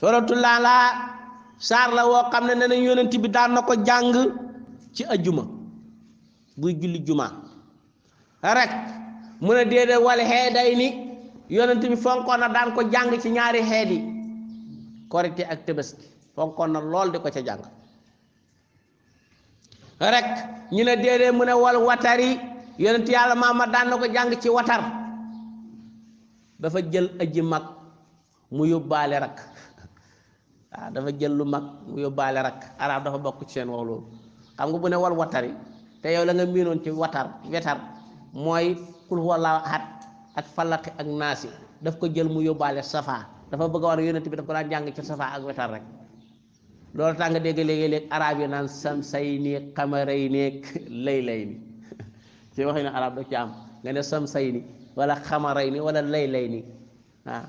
suratul laala saar la woo xam ne ne nañ yonent bi daan na ko jàng ci ajjuma buy julli juma rek mu ne déedéet wal xeeday ni yonent bi fonkoon na daan ko jàng ci ñaari xeet yi korite ak tëbaski fonkoon na lool di ko ca jàng rek ñu ne déedéet mu ne wal watari yonent yàlla maama daan na ko jàng ci watar dafa jël aji mag mu yóbbaale rak waaw dafa jël lu mag mu yóbbaale rakk arab dafa bokk ci seen wax loolu xam nga bu ne wal watari te yow la nga miinoon ci watar wetar mooy kul wala xat ak falaqi ak naasi daf ko jël mu yóbbaale safa dafa bëgg a war yonent bi daf ko daan jàng ci safa ak wetar rek loolu tàng nga dégg léegi-léeg arab yi naan samsay nii xamaray neeg lay-lay ni ci waxi ne arab da ci am nga ne samsay ni wala xamaray ni wala lay-lay ni waaw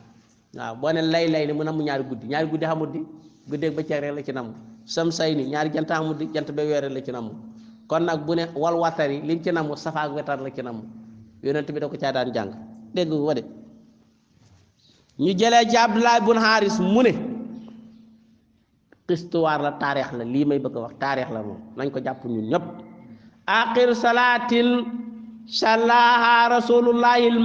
waaw boo ne lay-lay ni mu na mu ñaari guddi ñaari guddi xamut di guddeeg bëccëg rek la ci namm sam say ni ñaari jant amu jant ba weer la ci namm kon nag bu ne wal watari liñ ci namm safaak wetar la ci namm yonent bi da ko caa daan jàng dégg ko de ñu jëlee ci la lii may bëgg a wax taarix la moom nañ ko jàpp ñun ñëpp aaxir salaatin sallaaha rasulullahi al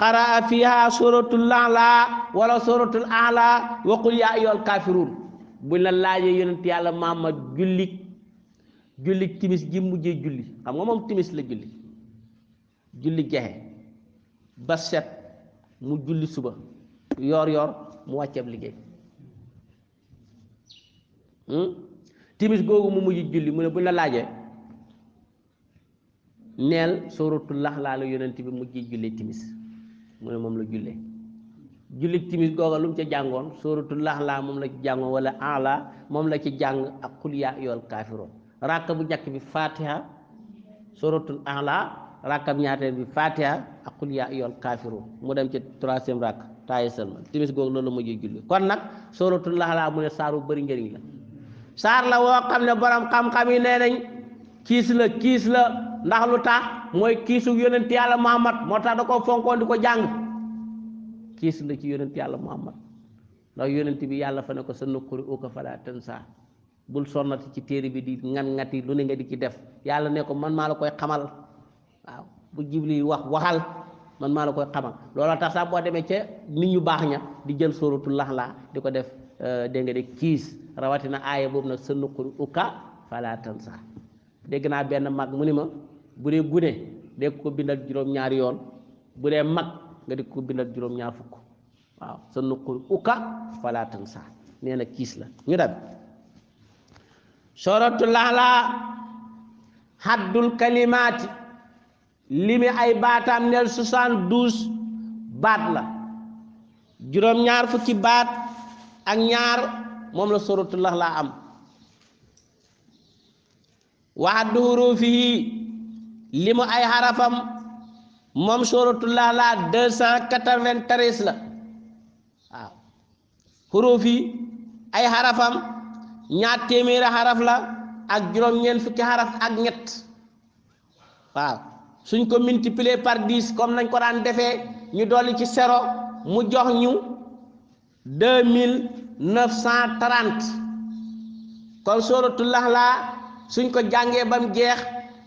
qaraa fiha suratul ala wala suratul ala wa qul yaa ayyuhal kaafiruun bu la laajee yonent yàlla Muhammad julli julli timis ji mujjee julli xam nga moom timis la julli julli gexe ba set mu julli suba yoor yoor mu wàcceeb liggéey hmm? timis googu mu mujj julli mu ne bu la laajee neel suratul laxlaa la yonent bi mujjee julli timis mu ne moom la julle jullit timis googa lu mu ca jàngoon sóoratul laxlaa moom la ci jàngoon wala ala moom la ci jàng ak xul yaa ayyuhal kaafiruun bu njëkk bi fatiha sóoratul ala rakkab ñaateel bi fatiha ak xul yaa ayyuhal mu dem ci troisième rakk taaye selma loolu la mujjee kon nag sóoratul laxlaa mu ne saar bu bëri njëriñ la saar la woo xam ne borom xam-xam yi nee kiis la kiis la ndax lu tax mooy kiisu yonent yàlla muhammad moo tax da koo fonkoon di ko jàng kiis la ci yonent yàlla muhammad ndax yonent bi yàlla fa ne ko sa nuquri uka fala tansa bul sonnati ci téere bi di ngat-ngati lu ne nga di ci def yàlla ne ko man maa la koy xamal waaw bu jibli wax waxal man maa la koy xamal looloo tax sax boo demee ca nit ñu baax ña di jël sóoratu laxlaa di ko def euh, dégg nga kiis rawatina aaya boobu nag sa benn mag mu ni ma bu dee gune de ko bindal juróom-ñaari yoon bu dee mag nga di ko bindal juróom-ñaar fukk waaw sa nuqul uka fala tansa kiis la ñu dem soratu laala haddul kalimaati limi ay baataam neel soixante-douze baat la juróom-ñaar fukki baat ak ñaar moom la soratu laala am wa haddu huruufi limu ay xarafam moom suratul laala deux cent quatre la waaw xuruf ay xarafam ñaar téeméeri xaraf la ak juróom-ñeent fukki xaraf ak ñett waaw suñ ko multiplier par dix kom nañ ko daan defee ñu dolli ci zéro mu jox ñu deux mille neuf cent trente kon suñ ko jàngee bam jeex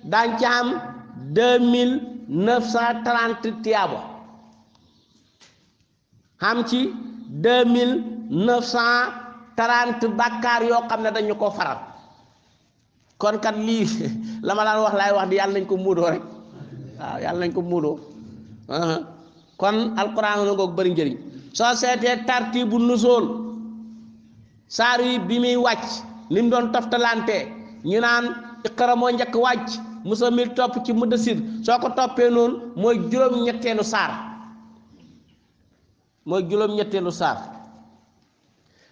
daan ci am deux mille neuf cent trente tiyaabo xam ci deux mille neuf cent trente bàkkaar yoo xam ne dañu ko faral kon kat lii lama ma daan wax lay wax di yàlla nañ ko muudoo rek waaw yàlla nañ ko muudoo uh-huh. kon alquran na ngoog bëri njëriñ soo seetee tarti bu nusool bi muy wàcc li mu doon toftalante ñu naan iqra njëkk wàcc musamil topp ci muddasir soo ko toppee noonu mooy juróom-ñetteelu saar mooy juróom-ñetteelu saar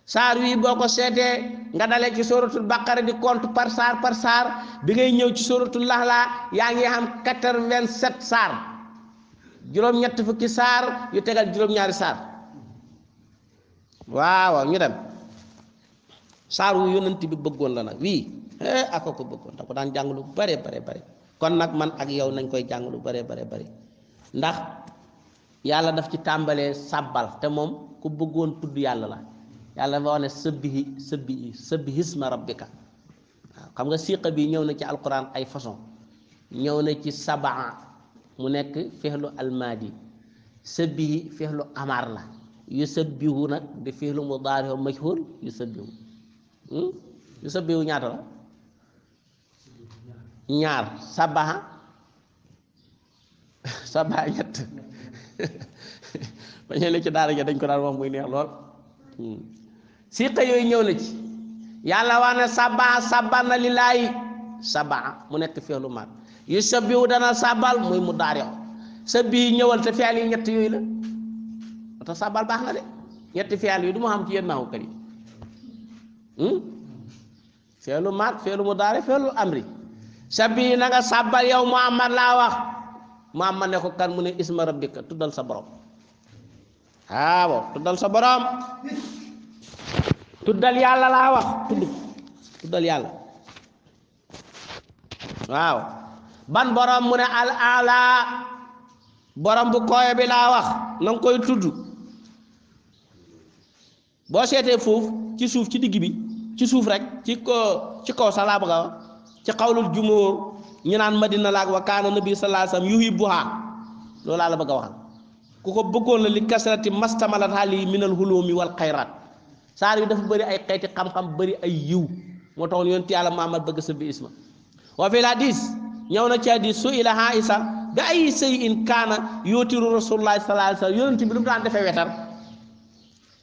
saar wii boo ko seetee nga dalee ci sóoratul baqara di kont par saar par saar bi ngay ñëw ci sóoratul laxla yaa ngi xam quatre-vingt-sept saar juróom-ñett fukki saar yu tegal juróom-ñaari saar waaw ñu dem saar wu yonent bi bëggoon la nag wii Eh, ako ko bëggoon da ko daan jàng lu bare bare bare kon nag man ak yow nañ koy jàng lu bare bare bare ndax yàlla daf ci tàmbalee sàbbal te moom ku bëggoon tudd yàlla la yàlla dafa wax ne sëbbihi sëbbihi sëbbihisma rabbika waaw xam nga siqa bi ñëw na ci alquran ay façon ñëw na ci sabaa mu nekk fexlu almaadi sëbbihi fexlu amar la yu sëbbihu nag di fexlu mudaari majhul yu sëbbihu hmm? yu sëbbihu ñaata la ñaar sabaxa sabaxa ñett ba ñu ne ci dañ ko daan wax muy neex lool hmm. siqa yooyu ñëw na ci yàlla wax ne sabaxa sabax na lillaahi sabaxa mu nekk feelu maat yu sabbihu dana sabal muy mu daarew sabbihi ñëwal te fiyal yi ñett yooyu la mu xam ci yéen naaw kër yi hmm? sabbi na nga sàbbal yow muhammad laa wax muhammad ne ko kan mu ne isma rabbika tuddal sa borom waaw tuddal sa borom tuddal yàlla laa wax tudd tuddal yàlla waaw ban borom mu ne al borom bu kooye bi laa wax na koy tudd boo seetee foofu ci suuf ci digg bi ci suuf rek ci ko ci kaw sa laa bëgg ci xawlul jumóor ñu naan madina laak wa kaana nabi sallallahu alayhi wasallam yuhibbuha loolaa la bëgg a waxal ku ko bëggoon la li kasrati mastamalat hali minal hulumi wal xayrat saar yi dafa bëri ay xeeti xam-xam bari ay yiw moo taxoon yonent yàlla Muhammad bëgg sa bi isma wa fil hadis ñëw na ci hadis su ila Aïsa bi ay shay'in kaana yutiru rasulullah sallallahu alayhi wasallam yonent bi lu mu daan defee wetar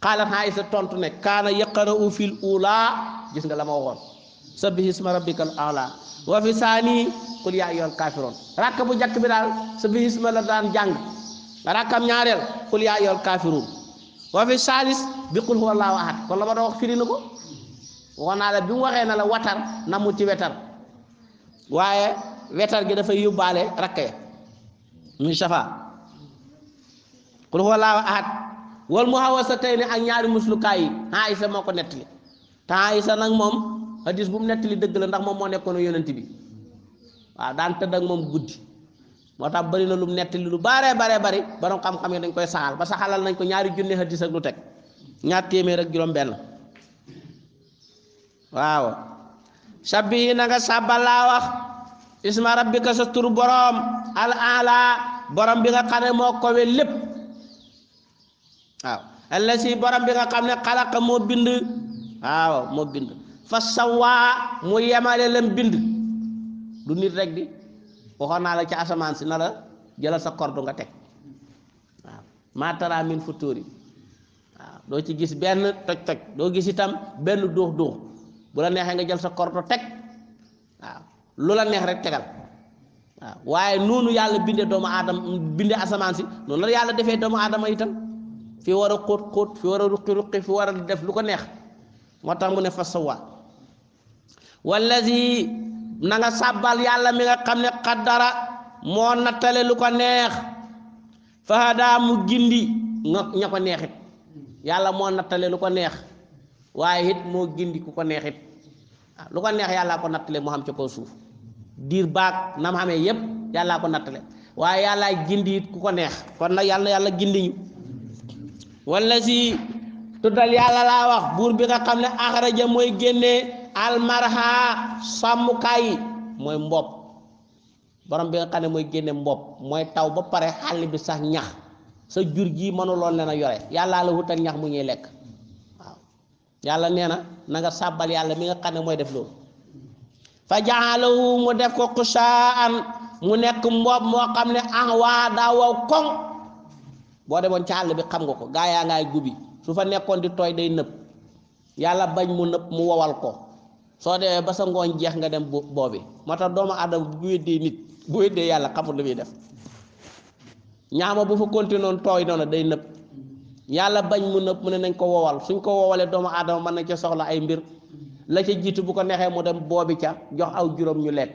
xaalat Aïsa tontu ne kaana yaqra'u fil ula gis nga la sabbih isma rabbikal a'la wa fi saani qul yaa ayyuhal kaafiroon rakk bu njëkk bi daal sabbih isma la daan jàng rakkam ñaareel qul yaa ayyuhal kaafiroon wa fi saalis bi qul huwa allaahu ahad kon mu waxee na la watar na ci wetar gi dafay yóbbaale rakk ya muy ñaari muslukaay yi Aïsa moo ko nettali te Aïsa nag moom. hadis bu mu nettali dëgg la ndax moom moo nekkoon yonent bi waaw daan tëdd moom guddi moo tax bari na lu mu nettali lu baree baree bari borom xam-xam yi dañ koy saxal ba saxalal nañ ko ñaari junne hadis ak lu teg ñaar téeméer ak juróom-benn waaw sabbihi na nga sàbbal laa wax isma rabbika sa tur borom al ala borom bi nga xam ne moo kowe lépp waaw alla si borom bi nga xam ne xalaqa moo bind waaw moo bind fa sawaa mu yemale lam bind du nit rek di waxoon naa la ci asamaan si na la jëlal sa kordo nga teg waaw maatara min futóori waaw doo ci gis benn toj toj doo gis itam benn duux duux bu la neexee nga jël sa kordo teg waaw lu la neex rek tegal waaw waaye noonu yàlla bindee doomu aadama bindee asamaan si noonu la yàlla defee doomu aadama itam fi war a xóot xóot fi war a ruqi ruqi fi war a def lu ko neex moo tax mu ne fa wallazi na nga sàbbal yàlla mi nga xam ne xaddara moo nattale lu ko neex fahadaa mu gindi ña ko neexit yàlla moo nattale lu ko neex waaye it moo gindi ku ko neexit ah, lu ko neex yàlla ko nattale mu xam ca kaw suuf diir baag nam xamee yépp yàllaa ko nattale waaye yàllaa gindi it ku ko neex kon nag yàlla yàlla gindi ñu walla si tuddal yàlla laa wax buur bi nga xam ne axraja mooy génnee almarha sàmmukaay yi mooy mbopp borom bi nga xam ne mooy génne mbopp mooy taw ba pare xàll bi sax ñax sa jur gi mënuloon leen a yore yàllaa la wutal ñax mu ñuy lekk waaw yàlla nee na nanga nga yàlla mi nga xam ne mooy def loolu fa jaalahu mu def ko xusaan mu nekk mbopp moo xam ne ah waa daa wow koŋ boo demoon ci àll bi xam nga ko gaa yaa ngaay gubi su fa nekkoon di tooy day nëb yàlla bañ mu nëb mu wowal ko soo demee ba sa ngooñ jeex nga dem boobi moo tax doomu aadama bu weddee nit bu weddee yàlla xamul lu muy def ñaama bu fa continué noonu tooy noonu day nëb yàlla bañ mu nëb mu ne nañ ko wowal suñ ko wowalee doomu aadama mën nañ ca soxla ay mbir la ca jiitu bu ko neexee mu dem boobi ca jox aw juróom ñu lekk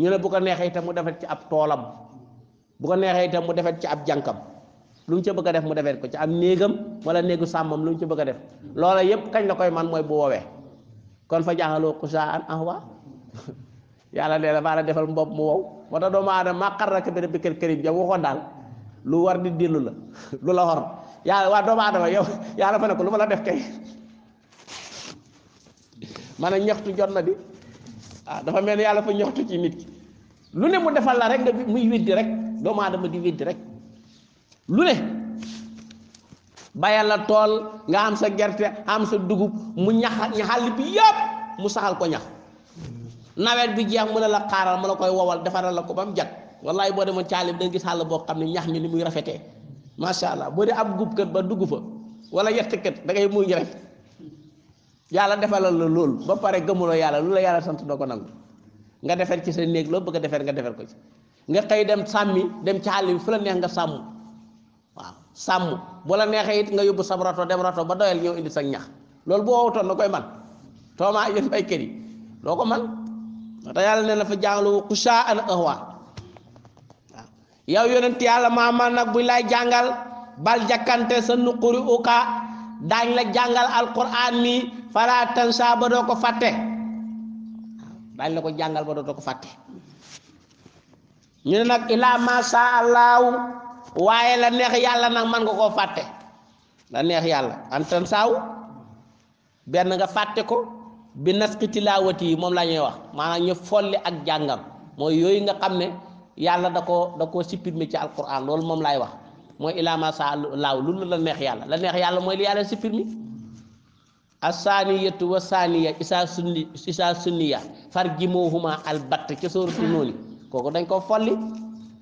ñu ne bu ko neexee itam mu defet ci ab toolam bu ko neexee itam mu defet ci ab jànkam lu mu ca bëgg a def mu defet ko ci am néegam wala néegu sàmmam lu ca bëgg a def loola yépp la koy man mooy bu kon fa jaxaloo xusaa an ahwa yàlla nee na maa defal mbopp mu wow moo tax doomu aadama maa xarraka bi rabbikal kariim ja waxoon daal lu war di dillu la lu la xor yàlla waa doomu aadama yow yàlla fa ne def kay man a ñaxtu jot ah, dafa mel ni yàlla fa ñaxtu ci nit ki lu ne mu defal la rek nga muy weddi rek doomu aadama di weddi rek lu ne bayal la tool nga am sa gerte am sa dugub mu ñax ñaxal bi yëpp mu saxal ko ñax nawet bi jeex mu la la xaaral ma la koy wowal defaral la ko ba mu jag wallaay boo demoon caalib da nga gis xam ne ñax mi ni muy rafetee macha allah boo dee ab gub kët ba dugg wala yett kët da ngay muñ rek yàlla defalal la loolu ba pare gëmuloo yàlla lu la yàlla sant doo ko nangu nga defar ci sa néeg loo bëgg a defar nga defar ko ci nga xëy dem sàmmi dem ci àll bi fu la neex nga sàmm. sàmm bu la neexee it nga yóbbu sab rato dem rato ba doyal ñëw indi sa ñax lool boo wowutoon na koy man toomaa yéen baykat yàlla ne na fa jàngalu ku saa an lay jàngal bal jàkkante sa nuquri uka daañ la jàngal alquran nii fala tansa ba doo ko fàtte daañ la ko jàngal ba doo ko fàtte ñu ne nag ilaa ma saa allahu waaye la neex yàlla nag man nga koo fàtte la neex yàlla antan saaw benn nga fàtte ko bi nasqi tilaawati yi moom la ñuy wax maanaam ñu folli ak jàngam mooy yooyu nga xam ne yàlla da koo da koo supprimer ci alquran loolu moom laay wax mooy ilaama sa laaw loolu la neex yàlla la neex yàlla mooy li yàlla supprimer asaaniyatu wa saaniya isaa sunni isaa sunniya farjimoohuma albatt ci sóoratu noonu kooku dañ ko folli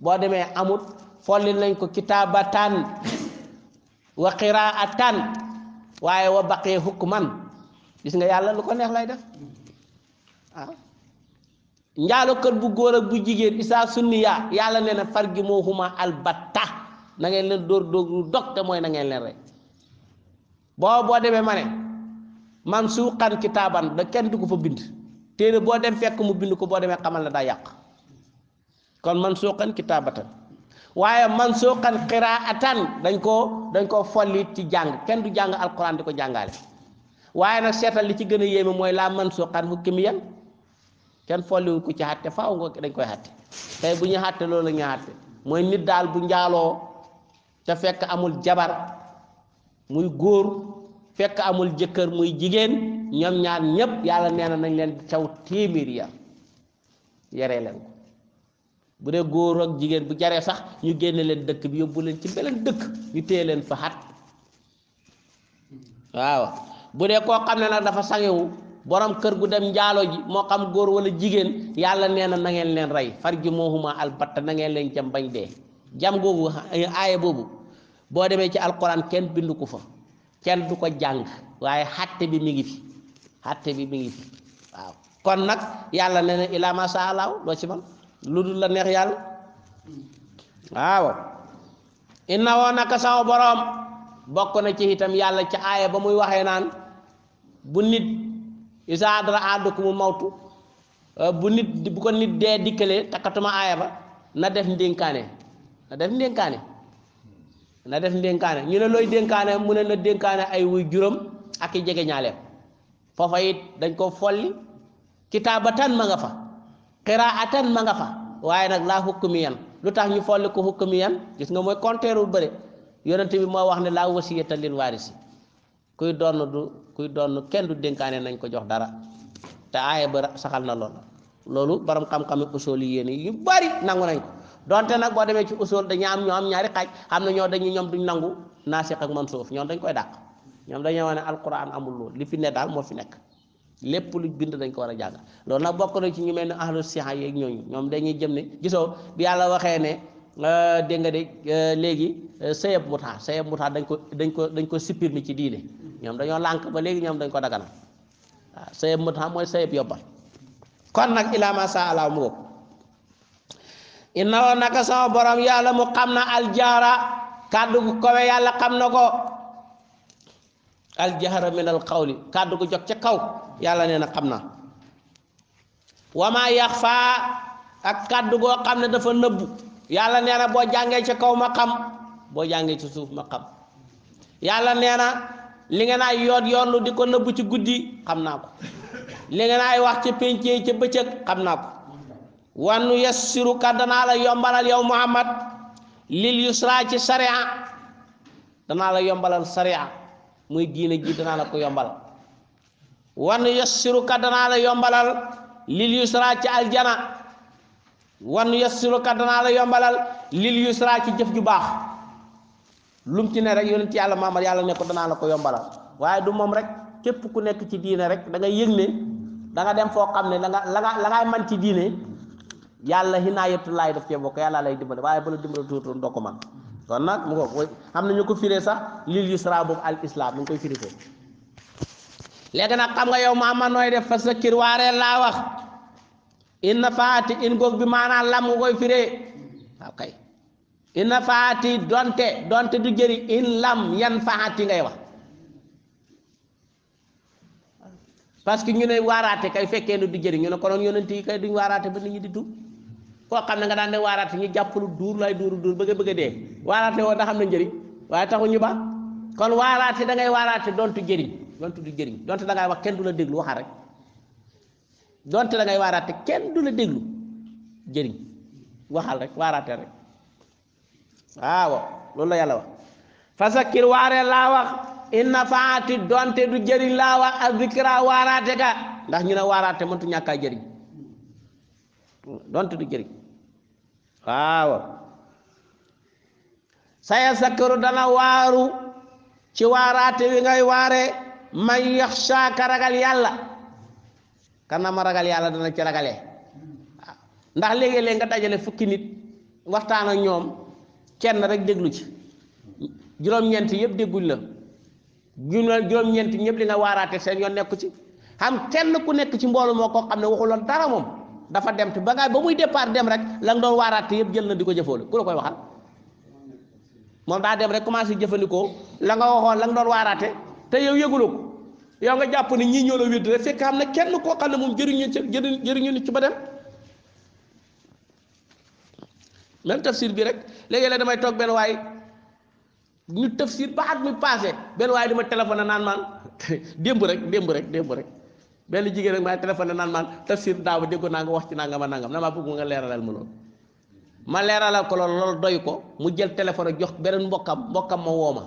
boo demee amut folli lañ ko kitaabatan wa qiraatan waaye wa baqee man gis nga yàlla lu ko neex lay def njaaloo ah. njaalokat bu góor ak bu jigéen isaa sunniya yàlla nee na far gi moo xuma albatta na ngeen leen dóor dóoru dog te mooy nangeen leen rek boo boo demee ma ne man suuxan kitaaban da kenn du ko fa bind téere boo dem fekk mu bind ko boo demee xamal na daa yàq kon man suuxan kitaabatan waaye man suuqan qiraatan dañ koo dañ koo folli ci jàng kenn du jàng alquran di ko jàngaale waaye nag seetal li ci gën a yéeme mooy laa man suuqan hukmiyan kenn folliwu ko ci xatte faaw nga dañ koy xatte tey bu ñu xatte loolu la mooy nit daal bu njaaloo te fekk amul jabar muy góor fekk amul jëkkër muy jigéen ñoom ñaar ñépp yàlla nee na nañ leen caw téeméer ya yaree leen bu dee góor ak jigéen bu jaree sax ñu génne leen dëkk bi yóbbu leen ci beneen dëkk ñu téye leen fa xat waaw bu dee koo xam ne nag dafa sangewu boroom kër gu dem njaalo ji moo xam góor wala jigéen yàlla nee na nangeen leen rey far ji moohuma albatta na ngeen leen jam bañ dee jam googu aaya boobu boo demee ci alquran kenn bindu ko fa kenn du ko jàng waaye xatte bi mi ngi fi xatte bi mi ngi fi waaw kon nag yàlla nee na ilaa ma sha Allah ci man lu dul la neex yàlla waaw inna woo naka sama boroom bokk na ci itam yàlla ca aaya ba muy waxee naan bu nit isa adra ahadukumul mawtu euh, bu nit bu ko nit dee dikkalee takkatuma aaya ba na def ndénkaane na def ndénkaane na def ndénkaane ñu ne looy dénkaane mu ne na dénkaane ay wuy juróom ak i jege ñaaleem foofa it dañ ko folli kitaabatan ma nga fa xiraatan ma nga fa waaye nag laa hukmiyan lu tax ñu folli ko hukmiyan gis nga mooy konteerul bëre yonent bi moo wax ne laa wasiyata lil waarisi kuy donn du kuy donn kenn du dénkaane nañ ko jox dara te aaye ba saxal na lool loolu borom xam-xami usool yi yéen yu bari nangu nañ ko donte nag boo demee ci usool dañu am ñoo am ñaari xaaj xam ne ñoo dañu ñoom duñ nangu naasiq ak mansuux ñoom dañ koy dàq ñoom dañoo wax ne alquran amul loolu li fi ne daal moo fi nekk lépp lu bind dañ ko war a jàng loolu nag bokk na ci ñu mel ni ahlu siha yeeg ñooñu ñoom dañuy jëm ne gisoo bi yàlla waxee ne euh, dégg nga de euh, léegi euh, sëyeb mutaa sëyeb mutaa dañ ko dañ ko dañ ko supprimé ci diine ñoom dañoo lànk ba léegi ñoom dañ ko daganal waaw sëyeb mutaa mooy sëyeb yobbal kon nag ilaa ma saa alaa mu bokk inna woon naka sama borom yàlla mu xam na aljaara kàddu gu kowe yàlla xam na ko aljahra min al qawli kàddu gu jog ca kaw yàlla nee na xam na wamaa yaxfa ak kàddu goo xam ne dafa nëbbu yàlla nee na boo jàngee ca kaw ma xam boo jàngee ci suuf ma xam yàlla neena li nga naay yoon yoonlu di ko nëbbu ci guddi xam naa ko li nga naay wax ca péncee ca bëccëg xam naa ko wannu yassiruka danaa la yombalal yow muhammad lil yusra ci sariya danaa la yombalal sariya muy diine ji danaa la ko yombal wan yassiruka danaa la yombalal lil yusra ci aljana wan yassiruka danaa la yombalal lil yusra ci jëf ju baax lum ci ne rek yonent yàlla maamal yàlla ne ko danaa la ko yombalal waaye du moom rek képp ku nekk ci diine rek da ngay yëg ne da dem foo xam ne la nga la nga la ngay man ci diine yàlla hinaayetullaay daf cee bokk yàlla lay dimbale waaye ba la dimbale tuutoon doo ko man kon nag mu ko xam na ñu ko firee sax lil yusra boobu al islam mu ngi koy firi foofu léegi nag xam nga yow ma maama nooy def fa sakkir waaree laa wax in na faati in goog bi maanaa lam nga koy firee waaw kay in na faati donte donte du jëri in lam yan faati ngay wax parce que ñu ne waaraate kay fekkee ne du jëri ñu ne konoon yonent kay duñ waaraate ba nit ñi di tuub koo xam ne nga daan de waaraate ñu jàppalu duur lay duuru duur bëgg a bëgg a dee waaraate woo da xam ne njëriñ waaye taxu ñu ba kon waaraate da ngay waaraate dontu jëriñ dontu du jëriñ donte da wax kenn du la déglu waxal rek donte da ngay waaraate kenn du la déglu waxal rek waaraate rek waaw loolu la yàlla wax fasakir waare laa wax inna faati donte du jëriñ laa wax azikra waaraate ga ndax ñu ne waaraate mëntu ñàkkaa jëriñ donte du jëriñ waaw saya sakkaru dana waaru ci waaraate wi ngay waare man yaxsha ka ragal yàlla kana ma ragal yàlla dana ci ragale ndax léegi-léeg nga dajale fukki nit waxtaan ak ñoom kenn rek déglu ci juróom-ñeent yëpp dégguñ la juróom-ñeent ñëpp li nga waaraate seen yoon nekku ci xam kenn ku nekk ci mboolu moo ko xam ne waxuloon dara moom dafa dem te ba nga ba muy départ dem rek la nga doon waaraat yëpp gën na di ko jëfoolu ku la koy waxal moom daa dem rek commencé jëfandikoo la nga waxoon la nga doon waaraate te yow yëguloo ko yow nga jàpp ni ñii ñoo la wédd rek fekk xam ne kenn koo xam ne moom jëriñu ci jëriñu ni ci ba dem même tafsir bi rek léegi la damay toog benn waay ñu tafsir ba at mi passé benn waaye di ma téléphone naan man démb rek démb rek démb rek benn jigéen rek maa téléphoné naan maan tafsir daaw déggoon naa nga wax ci nangam ak nangam damaa bëgg nga ma loolu ma leeralal ko loolu loolu doy ko mu jël téléphone jox beneen mbokkam mbokkam ma woo ma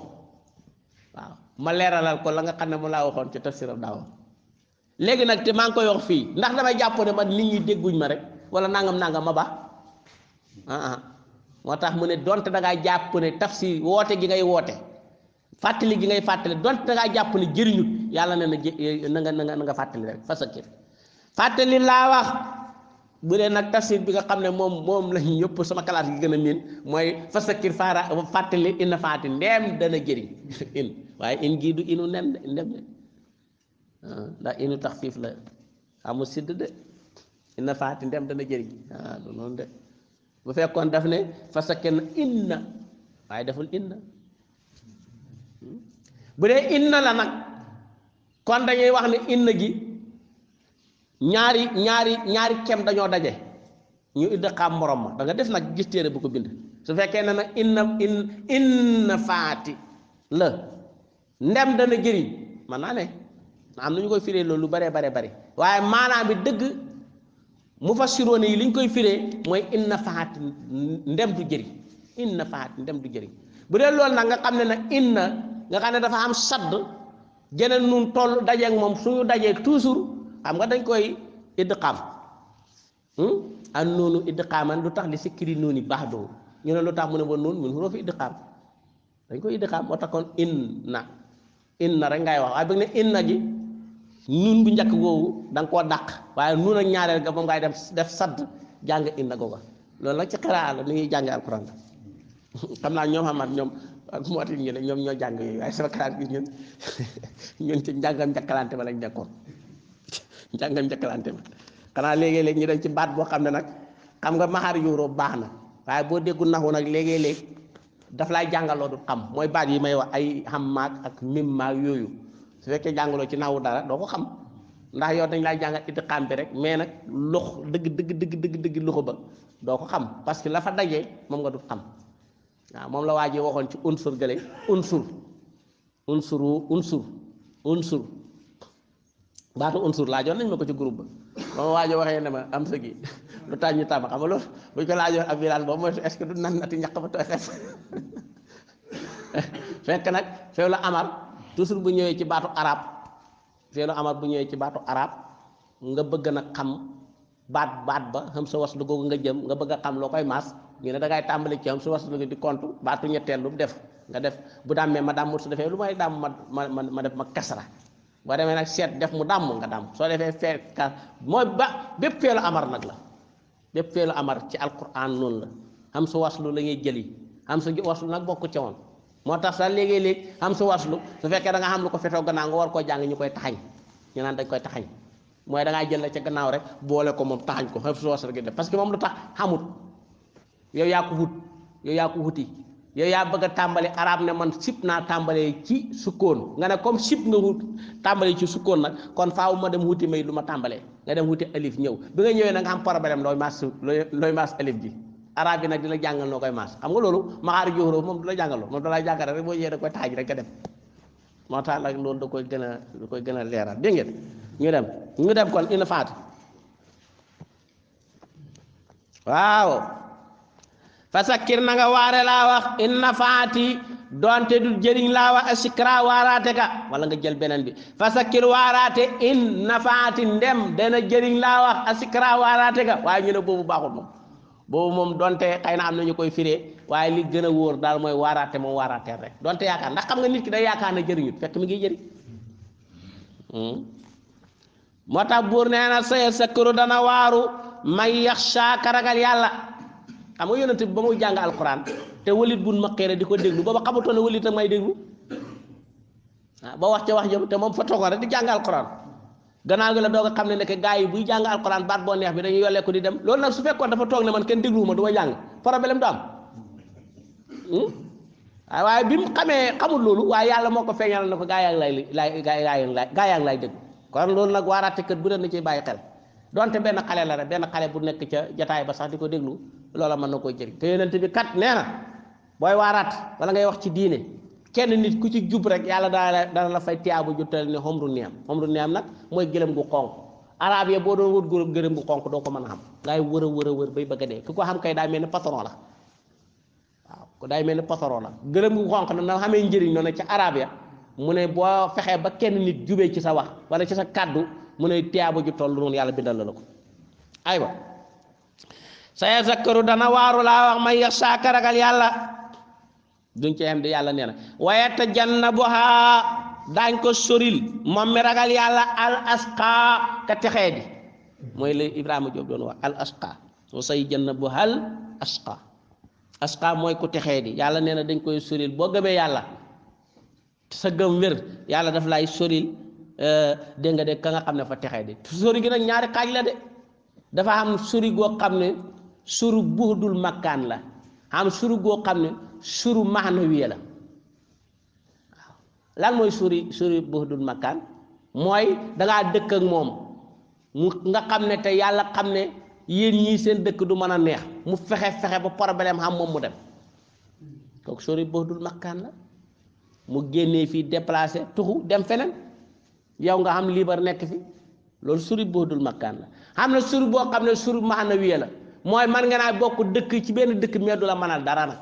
waaw ma leeralal ko la nga xam ne mu laa waxoon ci tafsiram daaw léegi nag maa ngi koy wax fii ndax damay jàpp ne man nit ñi dégguñ ma rek wala nangam nangam ma ba ah, ah. moo tax mu ne donte da ngaa jàpp ne tafsir woote gi ngay woote. fàttali gi ngay fàttali donte da jàpp ne jëriñut yàlla ne eh, na nga na nga na nga fàttali rek fasakir fàttali laa wax bu dee nag tafsir bi nga xam ne moom moom la ñu yëpp sama kalaas gi gën a miin mooy fasakir faara fàttali ina faati ndeem dana jëriñ waaye in gii du inu ndem tax fiif la amul sidd de ina faati ndeem dana jëriñ ah, du noonu de bu fekkoon daf ne fasakir na inna waaye deful inna bu dee inna la nag kon dañuy wax ne inna gi ñaari ñaari ñaari kem dañoo daje ñu idda xam morom ma da def nag gis téere bu ko bind su fekkee ne nag inna in inna faati la ndem dana jëriñ man naa ne am na ñu koy firee loolu lu baree bare bari waaye maanaam bi dëgg mu fassiroone yi li ñu koy firee mooy inna faati ndem du jëriñ inna faati ndem du jëriñ bu dee loolu nag nga xam ne nag inna nga xam ne dafa am sadd geneen nun toll dajeeg moom suñu dajeeg toujours xam nga dañ koy idqaam hmm? an noonu idqaaman lu tax li sikkiri noonu baax doo ñu ne lu tax mu ne ba noonu mun xuroo fi idqaam dañ koy idqaam moo tax kon inna na rek ngay wax waaye bëgg ne inna gi nun bu njëkk googu danga nga koo dàq waaye nun ak ñaareel ga moom ngay dem def sadd jàng inna googa loolu la ci xiraa la ni ñuy jànge alquran xam naa ñoom xamat ñoom ak mu atin ñoom ñoo jàng yooyu waaye sama xalaat bi ñun ñun ci njàngam njàkkalante ma lañ nekkoon njàngam njàkkalante xanaa léegi-léeg ñu dem ci baat boo xam ne nag xam nga maxaar yuuroo baax na waaye boo déggu naxu nag léegi-léeg daf laay jàngaloo du xam mooy baat yi may wax ay xam maag ak mim maag yooyu su fekkee jàngaloo ci naxu dara doo ko xam ndax yow dañ laay jàngal ittiqaam bi rek mais nag lox dëgg dëgg dëgg dëgg dëgg ba doo ko xam parce que la fa dajee moom nga du xam waaw moom la waa ji waxoon ci unsur gële unsur unsuru unsur unsur baatu unsur laajoon nañ ma ko ci groupe ba ba ma waajoo waxee ne ma am sa lu tax ñu tàmm xam lu loolu buñ ko laajoon ab village boobu mooy est-ce que du nan nati ñaq ba tooy xef fekk nag feew la amar toujours bu ñëwee ci baatu araab feew la amar bu ñëwee ci baatu araab nga bëgg nag xam baat baat ba xam sa was lu googu nga jëm nga bëgg a xam loo koy maas ñu ne da ngay tàmbali ci am su waslu nga di compte baatu ñetteel lu mu def nga def bu dàmmee ma dàmmut su defee lu demee nag seet def mu dàmm nga dàmm soo defee fee ka mooy ba bépp feelu amar nag la bépp feelu amar ci alquran noonu la am su waslu la ngay jëli am su waslu nag bokku ci woon moo tax sax léegi-léegi am su waslu su fekkee da nga xam lu ko fetoo gannaaw nga war koo jàng ñu koy taxañ ñu naan dañ koy taxañ mooy da ngaa jël la ca gannaaw rek boole ko moom taxañ ko xam su waslu gi def parce moom lu tax xamut yow yaa ko wut yow yaa ko wuti yow yaa bëgg a tàmbali arab ne man sib naa tàmbalee ci sukkoon nga ne comme sib nga wut tàmbalee ci sukkoon nag kon faaw ma dem wuti may lu ma tàmbalee nga dem wuti alif ñëw bi nga ñëwee nag nga am problème looy maas looy maas alif bi arab bi nag di la jàngal noo koy maas xam nga loolu maxaari joxuroo moom du la jàngaloo moom da lay jàngale rek boo yee da koy taaj rek nga dem moo tax nag loolu da koy gën a da koy gën a leeral dégg ngeen ñu dem ñu dem kon ina faat fa sakkir na nga waare laa wax in nafaati doonte du jëriñ laa wax asikra waaraate ka wala nga jël beneen bi fa sakkir waaraate in nafaati ndem dana jëriñ laa wax asikra waaraate ka waaye ñu ne boobu baaxul moom boobu moom donte xëy na am na ñu koy firee waaye li gën a wóor daal mooy waaraate moom waaraateel rek donte yaakaar ndax xam nga nit ki day yaakaar ne jëriñut fekk mi ngi jëriñ hmm. moo tax buur nee na saye sakkiru dana waaru may yax am nga yonent bi ba muy jàng alxuraan te Walid bun Mughira di ko déglu booba xamutoon ne Walid ak may déglu waaw ah, wax ca wax jëm te moom fa toogoon rek di jàng alxuraan gannaaw gi la doog xam ne nekk gars yi buy jàng alxuraan boo neex bi dañuy yollee di dem loolu nag su fekkoon dafa toog ne kenn dégluwuma du ma jàng problème du am hmm? ah, waaye bi mu xamee xamul loolu waaye yàlla moo ko feeñal na ko gaa yaa ngi lay lay gaa yaa ngi lay dégg kon loolu nag waaraate kër bu ne na ciy bàyyi xel donte benn xale la rek benn xale bu nekk ca jataay ba sax di ko déglu loola mën na koo jëriñ te yonent bi kat nee na booy waaraat wala ngay wax ci diine kenn nit ku ci jub rek yàlla dana dana la fay tiyaabu juttal ne xomru neem xomru neem nag mooy gëlëm gu xonq arab ya boo doon wër gu gëlëm gu xonq doo ko mën a xam ngay wër a wër a wër bay bëgg a ko xam kay daa mel ni patron la day mel ni patron la gëlëm gu xonq na na xamee njëriñ noonu ci arab ya mu ne boo fexee ba kenn nit jubee ci sa wax wala ci sa kàddu mu ne tiyaabu ju toll noonu yàlla bindal la ko aywa sa yazakkaru dana waaru laa wax may yaxsaa ka ragal yàlla duñ ci am di yàlla nee na waaye te jannabuha daañ ko soril moom mi ragal yàlla al asqa ka texee di mooy la Ibrahima Diop doon wax al asqa wa say jannabuha al asqa asqa mooy ku texee di yàlla nee na dañ koy soril boo gëmee yàlla sa gëm wér yàlla daf lay soril euh, dégg nga de ka nga xam ne fa texee di sori gi nag ñaari xaaj la de dafa am sori goo xam ne suru buxdul makkaan la am suru goo xam ne suru maanawiya la waaw lan mooy suri suri buxdul makkaan mooy dangaa dëkk ak moom mu nga xam ne te yàlla xam ne yéen ñii seen dëkk du mën a neex mu fexe fexe ba problème am moom mu dem kooku sori buxdul makkaan la mu génnee fii déplacé tuxu dem feneen yow nga xam liibar nekk fi loolu suri buxdul makkaan la xam ne suri boo xam ne suru maanawiya la mooy man nga naa bokk dëkk ci benn dëkk mais du la dara nag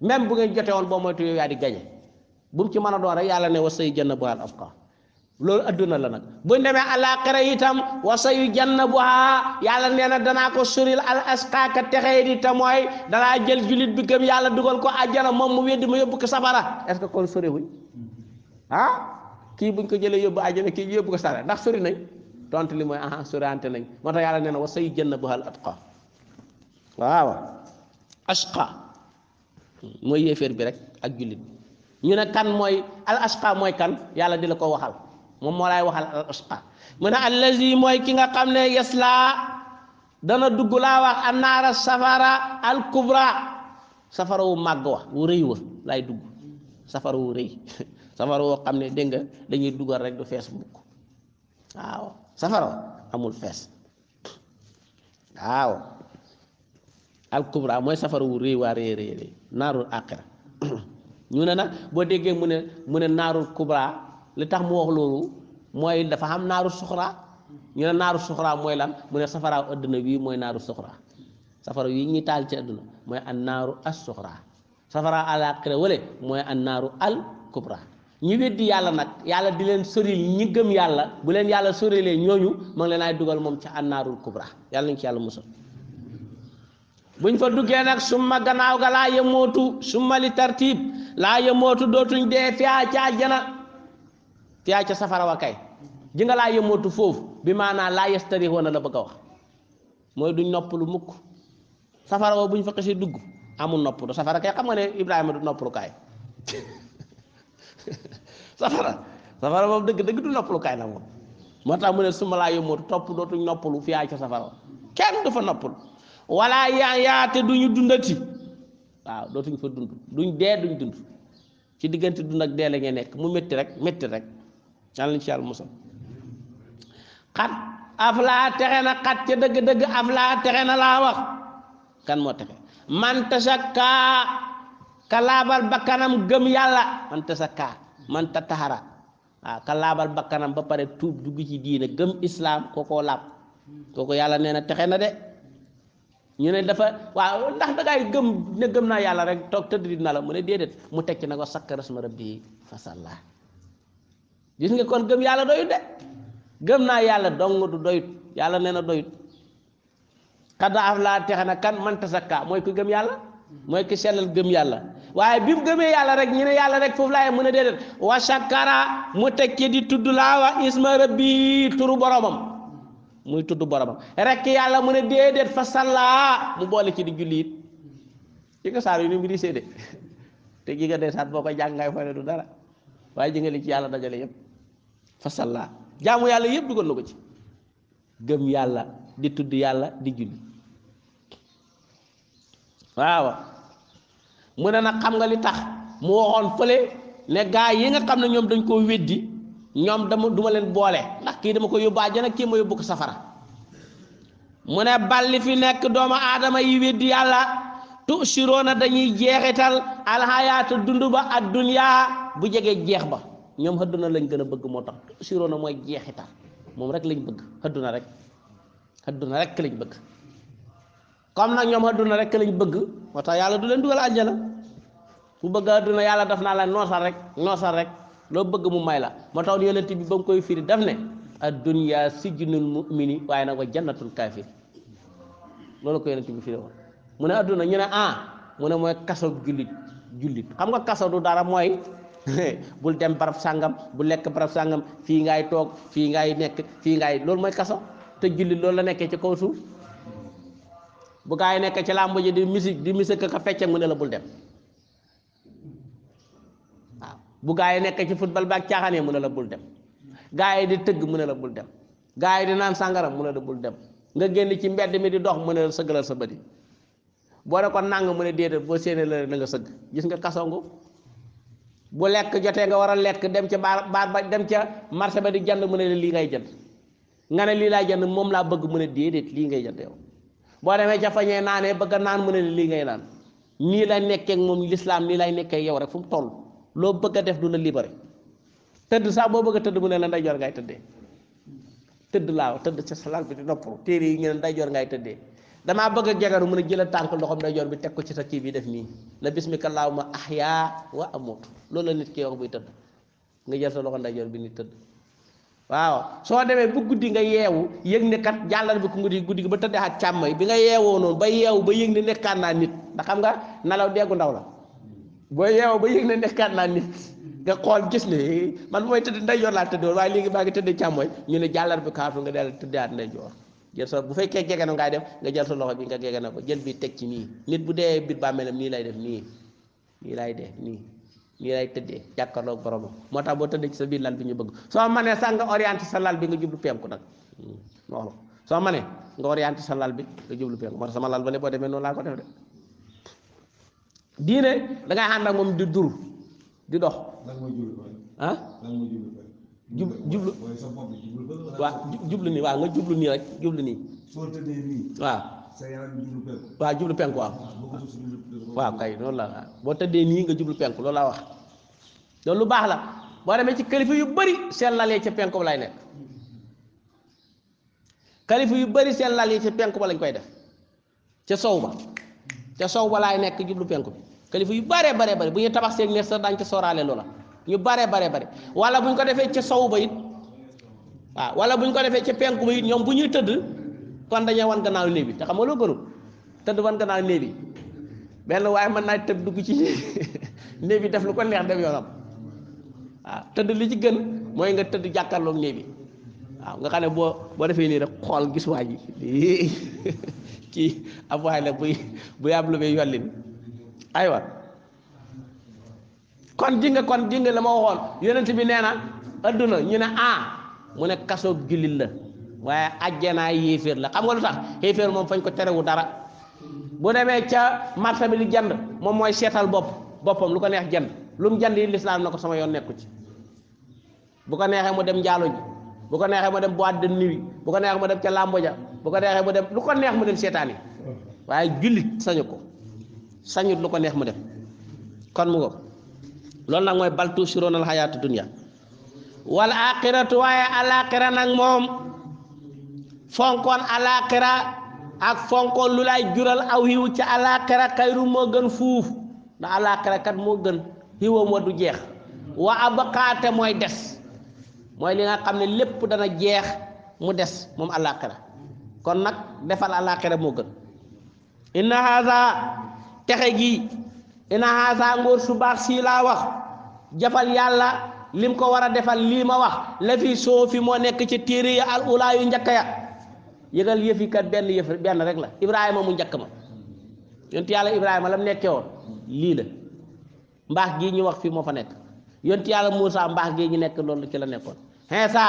même bu ngeen jotee woon boo moytu yow yaa di gañe bu mu ci mën a doon rek yàlla ne wasay jënn bu al afqa loolu adduna la nag buñ demee àllaaxira itam wasayu jannabuhaa yàlla nee na danaa ko suril al asqaaka texee di te mooy danaa jël julit bi gëm yàlla dugal ko àjjana moom mu weddi ma yóbbu ko safara est ce que kon sori wuñ ah? kii buñ ko jëlee yóbbu àjjana kii yóbbu ko safara ndax sori nañ tontu li mooy aha sorante nañ moo tax yàlla nee na wa say jënn buhal atqa waaw ashqa mooy yéeféer bi rek ak jullit ñu ne kan mooy al ashqa mooy kan yàlla di la ko waxal moom moo laay waxal al ashqa mu ne allazi mooy ki nga xam ne yeslaa dana dugg laa wax annaara safara al safara wu màgg wa wu rëy wa laay dugg safara wu rëy safara woo xam ne dégg nga dañuy dugal rek du fees mukk waaw safara amul fees waaw al kubra mooy safara wu réy waa réy réy naarul àqira ñu ne na boo déggee mu ne mu ne naarul kubra li tax mu wax loolu mooy dafa xam naaru suxra ñu ne naaru suxra mooy lan mu ne safara adduna wii mooy naaru suxra safara wii ñuy taal ci adduna mooy an naaru as safara al àqira wale mooy an naaru al kubra ñi weddi yàlla nag yàlla di leen soril ñi gëm yàlla bu leen yàlla sorilee ñooñu ma ngi leen ay dugal moom ci ànnaarul kubra yàlla nañ ci yàlla musal buñ fa duggee nag summa gannaaw ga laa yemootu summa li tartiib laa yemootu dootuñ dee ca àjjana fiyaa ca safara wa kay ji foofu bi maanaa laa yestari woon la bëgg a wax mooy duñ noppalu mukk safara buñ fa dugg amul noppalu safara kay xam nga ne Ibrahima du noppalu kaay safara safara moom dëgg dëgg du noppalukaay na moom moo tax mu ne su ma laa yëmmootu topp dootuñ noppalu fi yaay ca safara kenn du fa noppalu walla yaa yaate duñu dundati waaw dootuñ fa dund duñ dee duñ dund ci diggante dund ak dee la ngay nekk mu métti rek métti rek yàlla ci yàlla musal xat af laa texe na xat ca dëgg dëgg af laa texe na laa wax kan moo texe man tasakkaa kalaabal laabal bakkanam gëm yàlla man sa kaa manta taxara waaw ka laabal bakkanam ba pare tuub dugg ci diine gëm islaam kookoo laab kooku yàlla nee na texe na de ñu ne dafa waaw ndax dangay gëm ne gëm naa yàlla rek toog tëdd na la mu ne déedéet mu tekki na ko sakka rasma rabbi fasalla gis nga kon gëm yàlla doyut de gëm naa yàlla dong du doyut yàlla nee na doyut xadda af laa texe na kan man tasakka mooy ku gëm yàlla mooy ki sellal gëm yàlla waaye bi mu gëmee yàlla rek ñi ne yàlla rek foofu laay mën a déedéet wa shakara teg tekki di tudd laa wa isma rabbi turu boromam muy tudd boromam rek yàlla mu ne déedéet fa sallaa mu boole ci di julli it ci ko yu ni mu di séede te gi nga ndeysaan boo ko jàng ngay fane du dara waaye jëngale ci yàlla dajale yëpp fa sallaa jaamu yàlla yëpp dugal na ko ci gëm yàlla di tudd yàlla di julli waaw mu ne nag xam nga li tax mu waxoon fële ne gaa yi nga xam ne ñoom dañ koo weddi ñoom dama duma leen boole ndax kii dama ko yóbbu àjjana kii ma yóbbu ko safara mu ne balli fi nekk doomu aadama yi weddi yàlla tu siroona dañuy jeexital alxayaatu dund ba ak duniyaa bu jegee jeex ba ñoom xëdduna lañ gën a bëgg moo tax tu na mooy jeexital moom rek lañ bëgg xëdduna rek xëdduna rek lañ bëgg comme nag ñoom adduna rek lañ bëgg moo tax yàlla du leen dugal àjjana ku bëgg adduna yàlla def naa la noosal rek noosal rek loo bëgg mu may la moo tax yonent bi ba mu koy firi daf ne addunya sijnul mu'mini waaye nag wa jannatul kaafir ko yonent bi woon mu ne adduna ñu ne ah mu ne mooy kaso jullit jullit xam nga kaso du dara mooy bul dem barab sàngam bu lekk barab sàngam fii ngaay toog fii ngay nekk fii ngay loolu mooy kaso te jullit loolu la nekkee ci kaw suuf bu gaa yi nekk ci làmb ji di musique di musique ka fecce mu ne la bul dem waaw bu gaa yi nekk ci futbal ba ak caaxaan mu ne la bul dem gaa yi di tëgg mu ne la bul dem gaa yi di naan sàngara mu ne la bul dem nga génn ci mbedd mi di dox mu ne la sëggalal sa bëri boo ne ko nàng mu ne déedéet boo séenee la na nga sëgg gis nga kasongu bu lekk jotee nga war a lekk dem ca baar baar ba dem marché ba di jënd mu ne la lii ngay jënd nga ne lii laa jënd moom laa bëgg mu ne déedéet lii ngay jënd boo demee ca fañee naanee bëgg naan mu ne lii ngay naan nii lay nekkeek moom lislaam nii lay nekkee yow rek fu mu toll loo bëgg a def du la libéré tëdd sax boo bëgg a tëdd mu ne la ndajoor ngay tëddee tëdd laaw tëdd sa salal bi di noppalu téere yi ngeen ndeyjoor ngay tëddee damaa bëgg a jegaru mun a jël a tànk loxoom ndajoor bi teg ko ci sa kii bi def nii na bismika laaw allahumma yaa wa amuut loolu la nit ki wax buy tëdd nga jël sa loxo ndajoor bi ni tëdd waaw soo demee bu guddi nga yeewu yëg ne kat jàllal bi ku guddi guddi ba tëddee ak càmm bi nga yeewoo noonu ba yeewu ba yëg ne nekkaan naa nit ndax xam nga nalaw déggu ndaw la boo yeewoo ba yëg ne naa nit nga xool gis ne eh, man mooy tëdd ndeyjoor laa tëddoon waaye léegi maa ngi tëdd càmmooñ ñu ne jàllar bi kaatu nga dell tëddaat ndeyjoor jël sa bu fekkee gege na ngaa def nga jël sa loxo bi nga gege na ko jël bi teg ci nii nit bu dee biir bàmmeelam nii lay def nii nii lay def nii lii lay tëddee jàkkaarloog boromam moo tax boo tëddee ci sa biir lal bi ñu bëgg soo manee sax nga orienté sa lal bi nga jublu penku nag ma hmm, soo manee nga orienté sa lal bi nga jublu penku moo sama lal ba ne boo demee ko def de diine da ngay ànd di dur di dox. ah jub jublu waaw jublu nii waaw nga jublu nii rek jublu nii waaw. waaw jublu penku waaw waaw kay loolu la boo tëddee nii nga jublu penku loolu laa wax loolu lu baax la boo demee ci kalifa yu bëri seen lal yi ca penku ba lay nekk yu bëri seen lal yi ca lañ koy def ca sow ba ca sow ba laay nekk jublu penku bi kalifa yu baree baree bëri bu ñu tabax seen nees sax daañu ca sooraale loola ñu baree baree bëri wala bu ñu ko defee ca sow ba it waaw wala bu ñu ko defee ci penk ba it ñoom bu ñuy tëdd kon dañoo wan gannaaw néeg bi te xam nga loo gënu tëdd wan gannaaw néeg bi benn waaye mën naa tëdd dugg ci néeg bi def lu ko neex dem yoonam waaw tëdd li ci gën mooy nga tëdd jàkkarlook néeg bi waaw nga xam ne boo boo defee nii rek xool gis waa ci kii ab waay la buy buy am lu muy yollin aywa kon ji nga kon ji nga la ma waxoon yonent bi nee na adduna ñu ne ah mu ne kasoog jullit la waaye ajjanaa yéeféer la xam nga lu tax yéeféer moom fañ ko terewu dara bu demee ca marché bi li jënd moom mooy seetal bopp boppam lu ko neex jënd lu mu jënd yi lislaam na ko sama yoon nekku ci bu ko neexee mu dem njaalo bu ko neexee mu dem boîte de nuit bu ko neexee mu dem ca làmboja bu ko neexee mu dem lu ko neex mu dem seetaan yi waaye jullit sañu ko sañut lu ko neex mu dem kon mu ko loolu nag mooy baltu siroonal xayaatu dunya wal aaxiratu waaye alaaxira nag moom fonkoon alaaxira ak fonkoon lu lay jural aw xiwu ci alaaxira xayru moo gën fuuf ndax alaaxira kat moo gën xiwam wa du jeex wa abqaate mooy des mooy li nga xam ne lépp dana jeex mu des moom alaaxira kon nag defal alaaxira moo gën inna texe gi inna haasa ngóor su baax sii laa wax jafal yàlla lim ko war a defal lii ma wax la soo fi moo nekk ci téere yi al ulaa yu ya yëgal yëf kat benn yëf benn rek la Ibrahima mu njëkk ma yonent yàlla Ibrahima la mu nekkee woon lii la mbaax gii ñu wax fii moo fa nekk yonent yàlla Moussa mbaax gii ñu nekk loolu ci la nekkoon Insa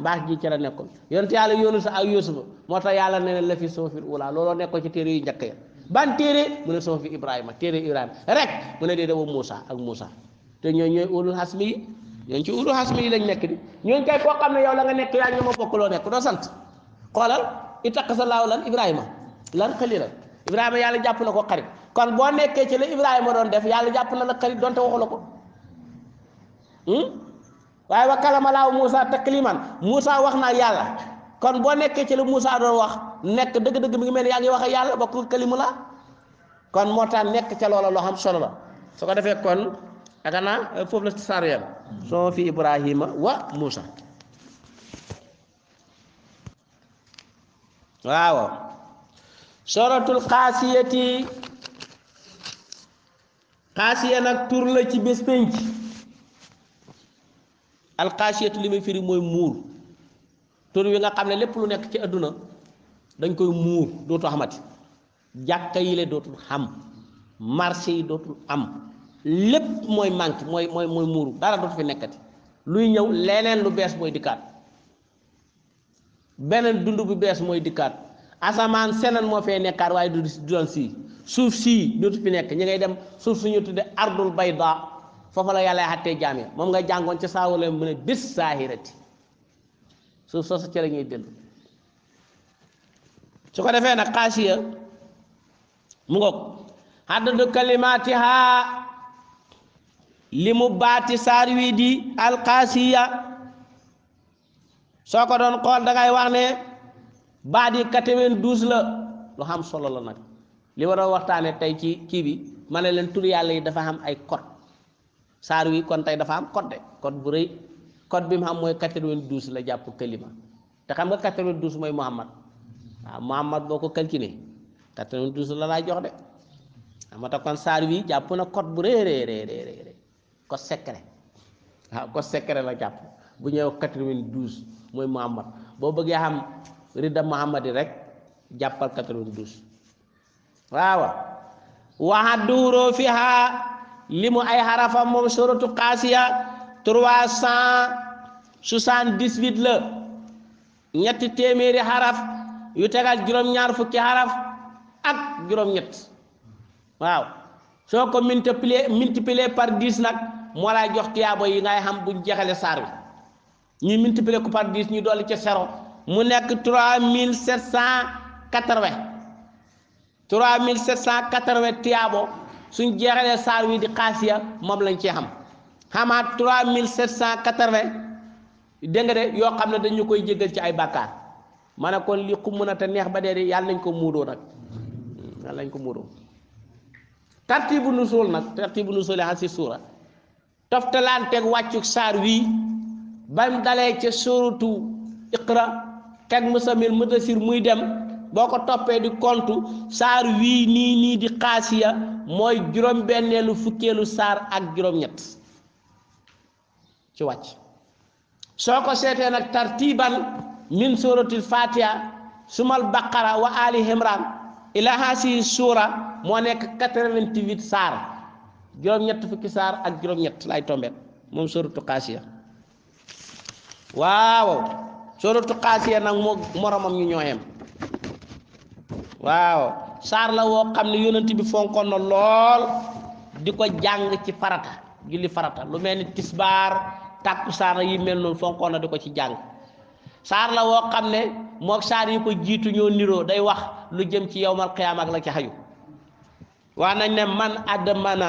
mbaax gii ci la nekkoon yonent yàlla Yunusa ak Yuusufa moo tax yàlla ne la fi soo fi wala looloo nekkoon ci téere yi njëkk ya ban téere mu ne soo fi Ibrahima téere Ibrahima rek mu ne dee dafa Moussa ak Moussa te ñooñu ñooy ulul mi yi ñooñu ci ulul xasmi yi lañ nekk di ñooñu kay koo xam la nga nekk yaa loo nekk sant itaq sa laaw lan Ibrahima lan xalila Ibrahima yàlla jàpp na ko xarit kon boo nekkee ci la Ibrahima doon def yàlla jàpp na la xarit donte waxu la ko hmm? waaye wa kalama laaw Moussa takliman Moussa wax naa yàlla kon boo nekkee ci la Moussa doon wax nekk dëgg-dëgg mu ngi mel ni yaa ngi wax ak yàlla bokk kalimu la kon moo tax nekk ca loola loo xam solo la su ko defee kon akana foofu la saar soo fi Ibrahima wa Moussa. waaw suratul xaasiyati xaasiya nag tur la ci bés pénc alxaasiyatu li muy firi mooy muur tur wi nga xam ne lépp lu nekk ci àdduna dañ koy muur dootu xamati jàkka yi le dootul xam marché yi dootul am lépp mooy manque mooy mooy mooy muuru dara dootu fi nekkati luy ñëw leneen lu bees mooy dikkaat beneen dund bu bees mooy dikkaat asamaan seneen moo fee nekkaat waaye du doon sii suuf sii dootu fi nekk ñi ngay dem suuf su ñu tudde ardul bayda foofu la yàlla xattee jaam moom nga jàngoon ci saawale mu ne bis saahirati suuf soosu ci la ñuy dellu su ko defee nag xaasiya mu ngoog xaddadu kalimaatiha li mu baati saar wii di alxaasiya soo ko doon xool dangay ngay wax ne baat yi quatre vingt la lu xam solo la nag li war a waxtaane tey ci kii bi ma ne leen tur yàlla yi dafa am ay code saar wi kon tey dafa am code de bu rëy code bi mu xam mooy quatre vingt la jàpp kalima te xam nga quatre-vingt-douze mooy Muhammad waaw Muhammad boo ko calculé quatre vingt la laay jox de ama kon saar wi jàpp na code bu rëy rëy rëy rëy code waaw code secret la jàpp bu ñëw 92 mooy Muhammad boo bëggee xam ridda Muhammad rek jàppal 92 waaw waxaat duuroo fi haa li mu ay xarafa moom suratu Qaasiya 378 la ñetti téeméeri xaraf yu tegal juróom-ñaar fukki xaraf ak juróom-ñett waaw soo ko multiplier multiplier par 10 nag moo lay jox tiyaabo yi ngay xam buñ jeexale saar wi ñu multiplier ko par dix ñu dolli ca zéro mu nekk trois mille sept cent quatre-vingts trois mille sept cent quatre tiyaabo suñ jeexalee saar wi di xaasiya moom lañ cee xam xamaat trois mille sept cent quatre-vingts de yoo xam ne dañu koy jéggal ci ay bàkkaar ma ne kon li xumm na te neex ba dee de yàlla nañ ko muudoo nag yàlla nañ ko muudoo tartiibu nuzuul nag tartiibu nuzuul yi si suura toftalaan teg wàccuk saar wii bam dalee ca suuratu iqra teg musamil mutasir muy dem boo ko toppee di kontu saar wii nii nii di xaasiya mooy juróom benneelu fukkeelu saar ak juróom-ñett ci wàcc soo ko seetee nag tartiiban min suratil fatiha sumal baqara wa ali imran ila suura moo nekk quatre-vingt-huit saar juróom-ñett fukki saar ak juróom-ñett lay tombet moom suratu xaasiya waaw suratu xaasiya nag moo moromam ñu ñoo yem waaw saar woo xam ne yonent bi fonkoon na lool di ko jàng ci farata julli farata lu mel ni tisbaar tàkkusaan yi mel noonu fonkoon na di ko ci jàng saar la woo xam ne moog saar yi ko jiitu ñoo niroo day wax lu jëm ci yowmal qiyaama ak la ci xaju wax nañ ne man admana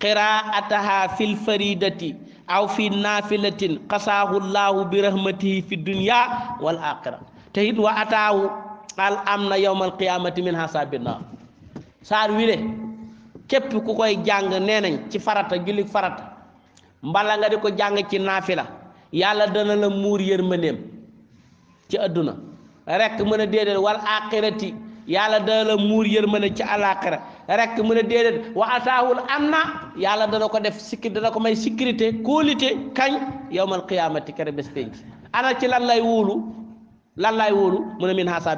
qiraataha fil faridati aw fi naafilatin xasaahu llaahu bi rahmatihi fi dunya wal axira te it wa ataahu al am na yowmal qiyaamati min hasaabi saar wi de ku koy jàng nee nañ ci farata julli farata mbala nga di ko jàng ci naafila yàlla dana muur yërmandeem ci adduna rek mën a déedéet wal axirati yàlla dana la muur yërmande ci alaaxira rek mu ne déedéet wa ataahul am na yàlla dana ko def sikki dana ko may sécurité kóolite kañ yawmal qiyaamati kere bés pénc ana ci lan lay wóolu lan lay wóolu mu ne min haasa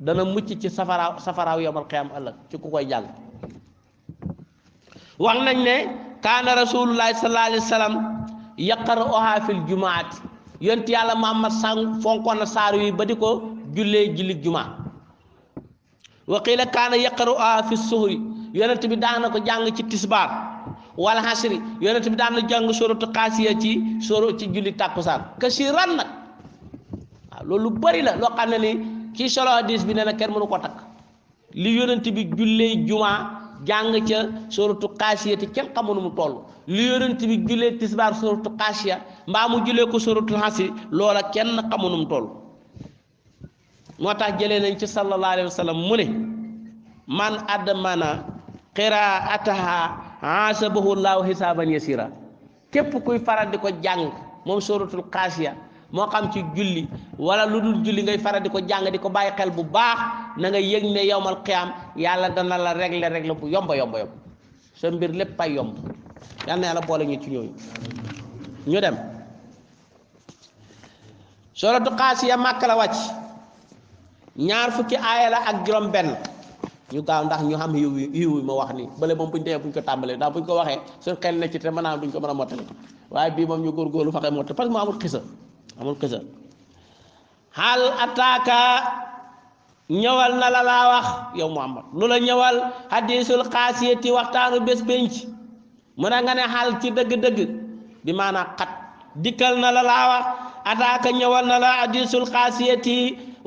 dana mucc ci safaraaw safaraaw yawmal qiyaam ëllëg ci ku koy jàng wax nañ ne kaana rasulullahi sallallahu alayhi wa sallam yaqra'uhaa fil jumaati yonti yàlla Muhammad sang fonkoon na saaru yi ba di ko jullee julli jumaa waqiila kaana yaqra'uhaa fi suhri yonent bi daan na ko jàng ci tisbaar wal hasri yonent bi daan jàng sóoratu xaasiya ci sóoro ci julli tàkkusaan kasiiran nag waaw lu bari la loo xam ne ni kii solo hadis bi nee kenn mënu koo takk li yonent bi jullee jumaa jàng ca sóoratu xaasiya te kenn xamul mu toll li yonent bi jullee tisbaar sóoratu xaasiya mbaamu mu jullee ko sóoratul hasri loola kenn xamul mu moo tax jëlee nañ ci sallallahu alayhi wa sallam mu ne man admana qiraataha aasabahu llahu xisaaban yasira képp kuy faral di ko jàng moom suratul xaasiya moo xam ci julli wala lu dul julli ngay faral di ko jàng di ko bàyyi xel bu baax na nga yëg ne yowmal qiyaam yàlla dana la regle régler bu yomba yomba yomb sa mbir lépp ay yomb yal na yàlla boole ñu ci ñooñu ñu dem suratul xaasiya màkk la wàcc ñaar fukki aaya la ak juróom benn ñu gaaw ndax ñu xam yiw yiw ma wax nii bële moom buñ demee buñ ko tàmbalee ndax buñ ko waxee suñ xel ne ci te mën naa duñ ko mën a mottali waaye bii moom ñu góorgóorlu faxe mottali parce que mu amul xisa amul xisa xaal ataaka ñëwal na la laa wax yow Muhammad lu la ñëwal hadisul xaasiyati waxtaanu bés benc mu ne nga ne xaal ci dëgg-dëgg bi maanaam xat na la ataaka ñëwal na la hadisul xaasiyati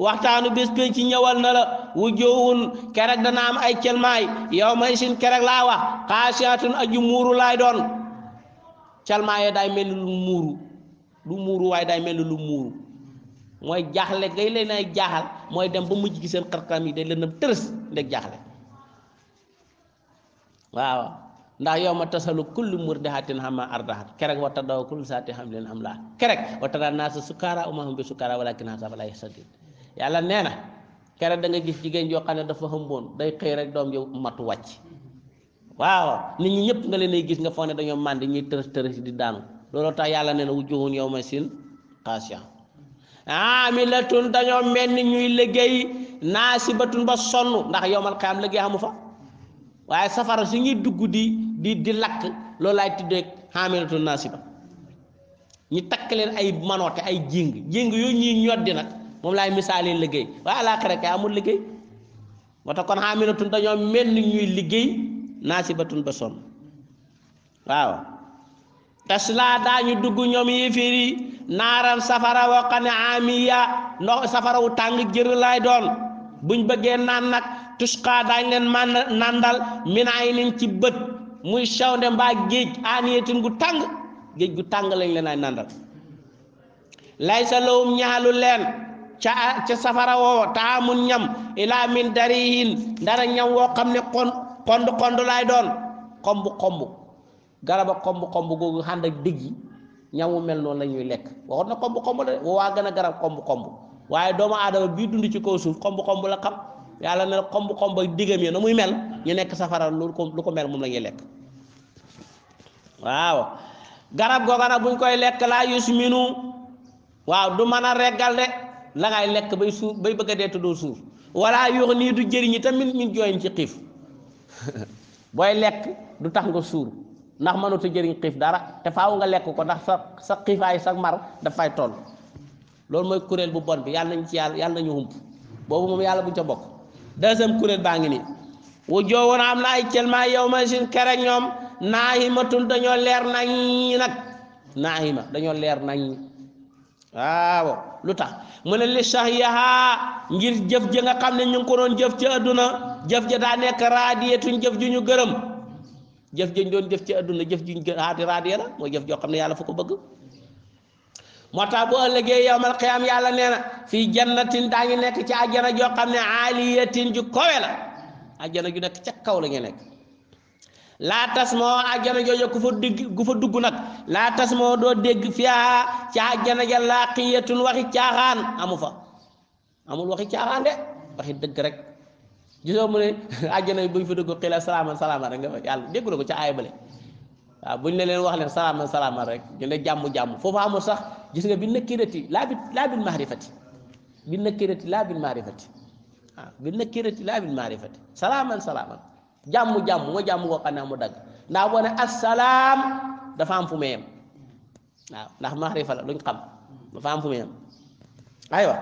waxtaanu bés penc ñëwal na la wu jowun kerek dana am ay celmaay yow ma isin kerek laa wax xaasiatun aju muuru laay doon calmaaye daay mel ni lu muuru du muuru waaye day mel ni lu muuru mooy jaxle ngay leen ay jaaxal mooy dem ba mujj gi seen xarxaram yi day leen a tërës ndeg jaaxle waaw ndax yow ma tasalu kullu murdihatin xama ardahat kerek wa tadaw kullu saati xam leen am laa kerek wa tadaw naa sa sukkaara uma hum bi sukkaara walakin xasaba la yasadin yàlla nee na keroog da gis jigéen joo xam ne dafa xëmboon day xëy rek doom yow matu wàcc waaw nit ñi ñëpp nga leen ay gis nga foog ne dañoo màndi ñuy tërës tërës di daanu looloo tax yàlla na wujuhun yawma sin xaasiya aamilatun dañoo mel ni ñuy liggéey naasibatun ba sonn ndax yowmal qiyaam liggéey amu fa waaye safara si ñuy dugg di di di lakk loolu laay tuddee aamilatun naasiba ñu takk leen ay manoote ay jéng jéng yooyu ñuy ñoddi nag moom laay misaalee liggéey waaye àllaaxira kay amul liggéey moo tax kon xaaminatun dañoo mel ni ñuy liggéey naasibatun ba sonn waaw taslaa daañu dugg ñoom yéeféer yi naaram safara woo amiya safara wu tàng jër lay doon buñ bëggee naan nag tusqaa daañ leen man nandal ay nin ci bët muy sawnde mbaa géej aaniyetin gu tàng géej gu tàng lañ leen ay nandal laysa lawum ñaalu leen ca ca safara woowa taamun ñam ilaa min darihin dara ñam woo xam ne kon kond kond doon komb komb garaba komb komb googu xànd ak wu mel noonu la ñuy lekk waxoon na komb komb de waaye doomu aadama bii dund ci kaw suuf komb komb la xam yàlla ne komb komb ak diggam yi na muy mel ñu nekk safara lu ko lu ko mel moom la lekk waaw garab googa nag buñ koy lekk laa yusminu waaw du mën a reggal de la lekk bay suur bay bëgg a dee te doo suur walla yoo nii du jëriñi tamit min jooyin ci xiif booy lekk du tax nga suur ndax mënut jëriñ xiif dara te faaw nga lekk ko ndax sa sa xiifaay sa mar dafay toll loolu mooy kuréel bu bon bi yàlla nañ ci yàlla yàlla nañu hump boobu moom yàlla buñ ca bokk deuxième kuréel baa ngi nii wu joowoon am na ay cëlmaa yow ma sin kere ñoom naahimatun dañoo leer nañ nag naahima dañoo leer nañ waaw ah, lu tax mu ne li saxiyaha ngir jëf ja nga xam ne ñu ko doon jëf ci àdduna jëf ja daa nekk raadiyatun jëf ju ñu gërëm jëf ja ñu doon jëf ci àdduna jëf ji ñu gërëm raadiya la mooy jëf joo xam ne yàlla foo ko bëgg moo tax bu ëllëgee yowmal qiyaam yàlla nee na fii jannatin daa ngi nekk ci ajjana joo xam ne aaliyatin ju kowe la ajana ju nekk ca kaw la nga nekk laa tas moo àjjana jooju gu fa dugg nag laa tas moo doo dégg fiyaa ca àjjana ja laa xiyatun waxi caaxaan amu fa amul waxi caaxaan de waxi dëgg rek gisoo mu ne àjjana bi buñ fa dugg xila salaaman salaaman rek nga fa ko ca aay ne leen wax leen salaaman salaaman rek ñu ne jàmm-jàmm foofu amul sax gis nga bi nakirati laa bi laa bil maarifati bi nakirati laa bil maarifati bi maarifati salaaman salaaman jàmm jàmm mooy jàmm koo xam ne mu dagg ndax boo assalaam dafa am fu mu yem aywa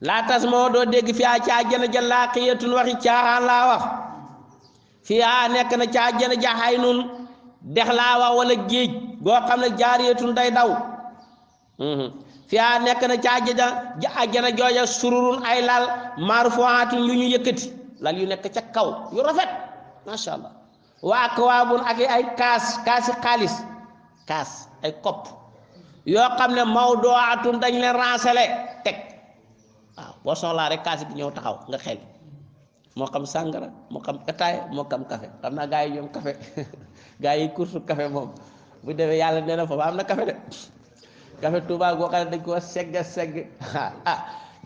laa tas moo doo dégg fi a caa jën ja laaqiyatun waxi caaxaan laa wax fi a nekk na caa jën ja xaynun dex laa wax wala géej goo xam ne jaariyatun day daw mhm. fi a nekk na ca jëja ja ajjana jooja sururun ay lal marfuatun yu ñu yëkkati lal yu nekk ca kaw yu rafet macha allah waa kawaabun ak ay kaas kaasi xaalis kaas ay kopp yoo xam ne mawduatun dañ leen rancélé teg waaw boo soxlaa rek kaas bu ñëw taxaw nga xel moo xam sàngara moo xam étaay moo xam café xam naa gaa yi ñoom café gaa yi kursu kafe moom bu demee yàlla nee na foofu am na café de café Touba goo xam ne dañ koo segg segg kafe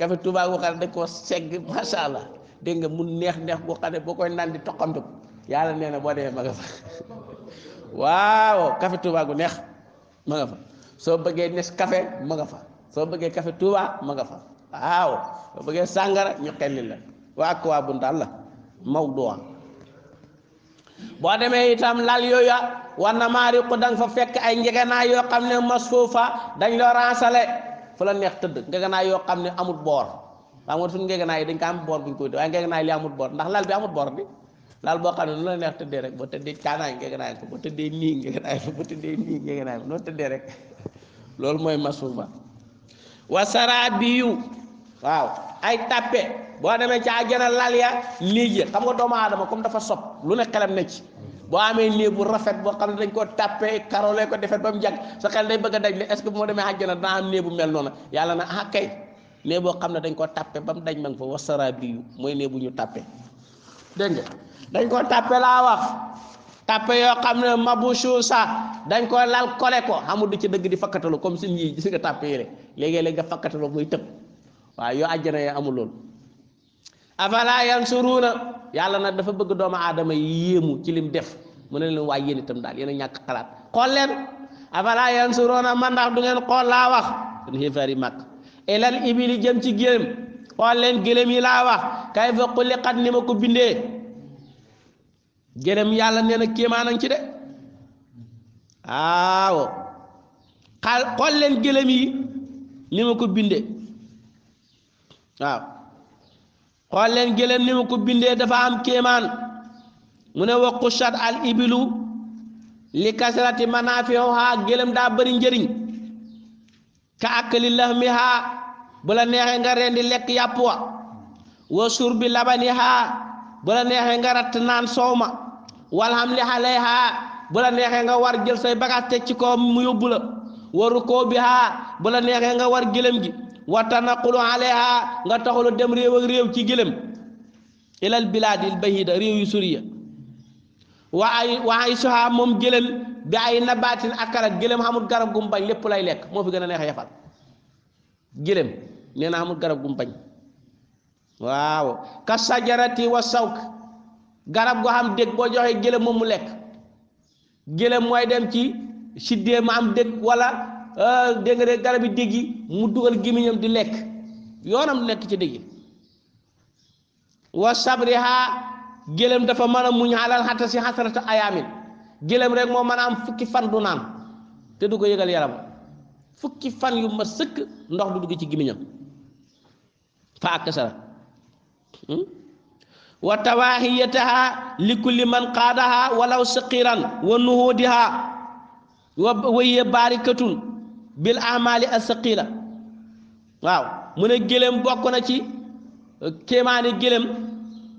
café Touba goo dañ koo segg macha allah dégg nga mu neex neex boo xam boo koy naan di toqantu yàlla nee na boo demee ma nga fa waaw café Touba gu neex ma fa soo bëggee nes kafe ma nga fa soo bëggee café Touba ma nga fa waaw soo bëggee sàngara ñu xelli la waa ko waa bundaal la mawduwa boo demee itam lal yooyu war na maa riqu danga fa fekk ay njegenaay yoo xam ne masfuufa dañ la raasale fu la neex tëdd njegenaay yoo xam ne amul boor xam nga suñu ngeganaay yi dañ am boor buñ koy waaye ngeganaay li amut boor ndax lal bi boo xam ne lu la neex tëddee rek boo tëddee caanaay ngeganaay ko boo tëddee nii ngeganaay ko tëddee nii mooy masuuba wa saraabiyu waaw ay tàppe boo demee ci àjjana lal ya néeg ya xam nga doomu aadama comme dafa sob lu ne xelam ci boo amee néeg bu rafet boo xam ne dañ koo tàppe karole ko defet ba mu jag sa xel day bëgg dañ daj li que bu moo demee àjjana dana am néeg bu mel noonu yàlla na ah kay nee boo xam ne dañ koo tàppe ba mu dañ ma nga fa wasara biyu mooy nee bu ñu tàppe dégg dañ ko tàppe laa wax tàppe yoo xam ne mabusu sax dañ ko lal kole ko xamul du ci dëgg di fakkatalu comme si ñi gis rek léegi-léegi nga fakkatalu muy tëb waaw yoo àjjana yoo amul yàlla nag dafa bëgg doomu aadama yi yéemu ci lim def mu ne leen waay yéen tëm daal yéen ñàkk xalaat xool leen afala yansuruuna man ndax du ngeen xool laa wax suñu xéefaar yi màkk ilal ibili jëm ci gélém xool leen gélém yi laa wax kay fa xuliqat ni ma bindee gélém yàlla nee na kéemaanan ci de waaw xal xool leen gélém yi ni bindee waaw xool leen gélém ni bindee dafa am kéemaan mu ne waqu chat al ibilu li kasrati manaafiha gélém daa bari njëriñ ka akali lahmiha bu la neexee nga rendi lekk yàpp wa wa surbi labaniha bu la neexee nga ratt naan soow ma wal hamli alayha bu la neexee nga war jël say bagaas teg ci ko mu yóbbu la wa rukubiha bu la neexee nga war gëlëm gi wa tanaqulu alayha nga taxulu dem réew réew ci gëlëm ilal bilaadil bahida réew yu suriya wa ay wa ay soha moom gëlëm bi ay nabaatin akalat gëléem xamul garab gum bañ lépp lay lekk moo fi gën a neex a yafal gëléem nee na xamul garab gum bañ waaw ka sajarati wa sawk garab goo xam dég boo joxee gëléem moom mu lekk gëléem mooy dem ci siddee ma wala euh, dégg nga de garab yi dég mu dugal gémmiñam di lekk yoonam nekk ci dég yi wa sabriha gëléem dafa mën a muñ xalal xata si xasarata ayaamin gëléem rek moo mën a am fukki fan du naan te du ko yëgal yaram fukki fan yu ma sëkk ndox du dugg ci gimiñam fa ak sara hmm? wa tawaahiyataha li kulli man qaadaha walaw saqiran wa nuhudiha wa waye barikatun bil amali asaqila waaw mu ne gëléem bokk na ci euh, kéemaani gëléem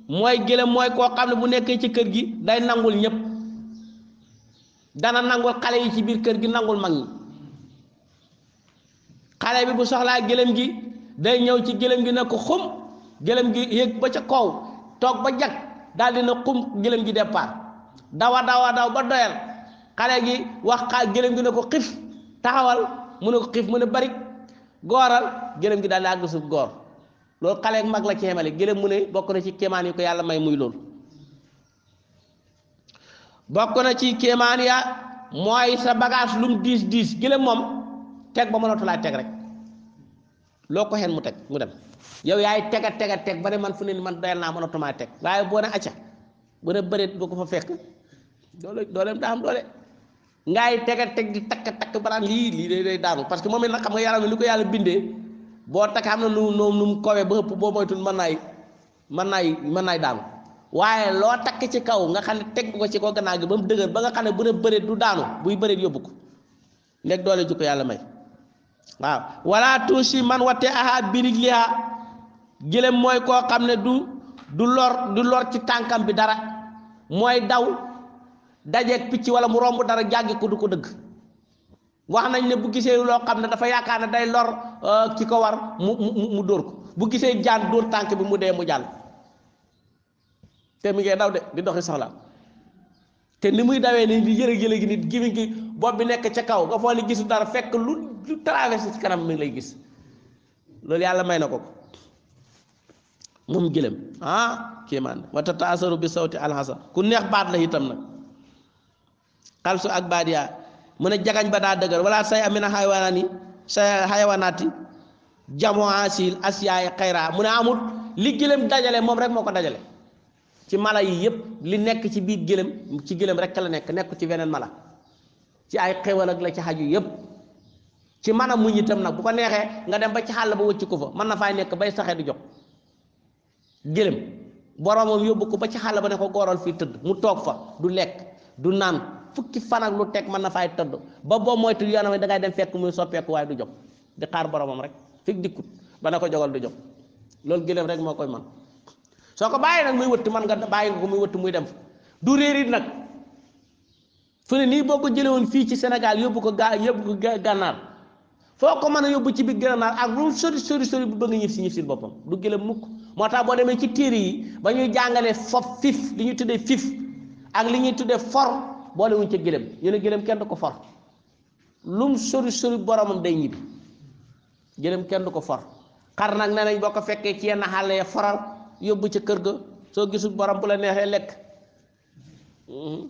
mooy gëléem mooy koo xam ne bu nekkee ci kër gi day nangul ñëpp dana nangul xale yi ci biir kër gi nangul mag ñi xale bi bu soxlaa gëlëm gi day ñëw ci gëlëm gi ne ko xum gëlëm gi yëg ba ca kaw toog ba jag daal na xum gëlëm gi départ dawa dawa daw ba doyal xale gi wax xaa gëlëm gi ne ko xif taxawal mu ne ko xif mu ne barik gooral gëlëm gi daal di àgg suuf goor loolu xale mag la ci xemale gëlëm mu ne bokk na ci kéemaan yi ko yàlla may muy lool bokk na ci kéemaan ya mooy sa bagage lum diis diis gile moom teg ba mënatu laa teg rek loo ko xen mu teg mu dem yow yaay tega tega teg ba ne man fu ne man dayal naa mënatumaa teg waaye boo ne acca bu ne bëreet ko fekk doole dooleem daa am doole ngaay tega teg di takk takk baraan lii lii day day daanu parce que moom it nag xam nga yaram li ko yàlla bindee boo takk xam na nu nu mu kowee ba ëpp boo moytul man naay man naay mën naay daanu waaye loo takk ci kaw nga xam ne tegu ko ci ko gannaaw gi ba mu dëgër ba nga xam ne bu ne bëreet du daanu buy bëreet yóbbu ko ndeg doole ju yàlla may waaw wala tuusi man watte aha birig liha gëlëm mooy koo xam ne du du lor du lor ci tànkam bi dara mooy daw dajeeg picc wala mu romb dara jàggi ko du ko dëgg wax nañ ne bu gisee loo xam ne dafa yaakaar ne day lor ci euh, ko war mu mu mu dóor ko bu gisee jaan dóor tànk bi mu dee mu jàll te mi ngay daw de di doxi soxla te ni muy dawee ni di yële yële gi nit gimi gi bopp bi nekk ca kaw nga foog ni gisu dara fekk lu lu traversé ci kanam mi ngi lay gis loolu yàlla may na ko ko moom gëlëm ah kéemaan wa tataasaru bi sawti alxasa ku neex baat la itam nag xalsu ak baat yaa mu ne jagañ ba daa dëgër wala say amina xaywaanaani say xaywaanaati jamono asil asiyaay xayraa mu ne amut li gëlëm dajale moom rek moo ko dajale. ci mala yii yëpp li nekk ci biir gëlëm ci gëlëm rek la nekk nekk ci beneen mala ci ay xéwal ak la ci xaju yëpp ci mën a muñ itam nag bu ko neexee nga dem ba ci xàll ba wëcc ko fa mën na faa nekk bay saxee du jox gëlëm boromam yóbbu ko ba ci xàll ba ne ko góoral fii tëdd mu toog fa du lekk du naan fukki fan ak lu teg mën na faay tëdd ba boo moytu yoonam da ngay dem fekk muy soppeeku waaye du jox di xaar boromam rek fig dikkut ba na ko jogal du jox loolu rek moo koy man soo ko bàyyi nag muy wëtt man nga bàyyi nga ko muy wëtt muy dem du réerit nag fu ne nii boo ko jëlee fii ci senegal yóbbu ko gaa yóbbu ko gànnaar foo ko mën a yóbbu ci biir gànnaar ak lu sori sori sori bu bëgg ñib si ñib boppam du gëlëm mukk moo tax boo demee ci téere yi ba ñuy jàngalee fof fif li ñuy tuddee fif ak li ñuy tuddee for boole ca gëlëm ñu ne kenn du ko for lum sori sori boromam day ñibbi gëlëm kenn du ko for xar nag nee boo ko fekkee ci yenn xàll ya foral yóbbu ca kër ga soo gisul borom bu la neexee lekk mhm.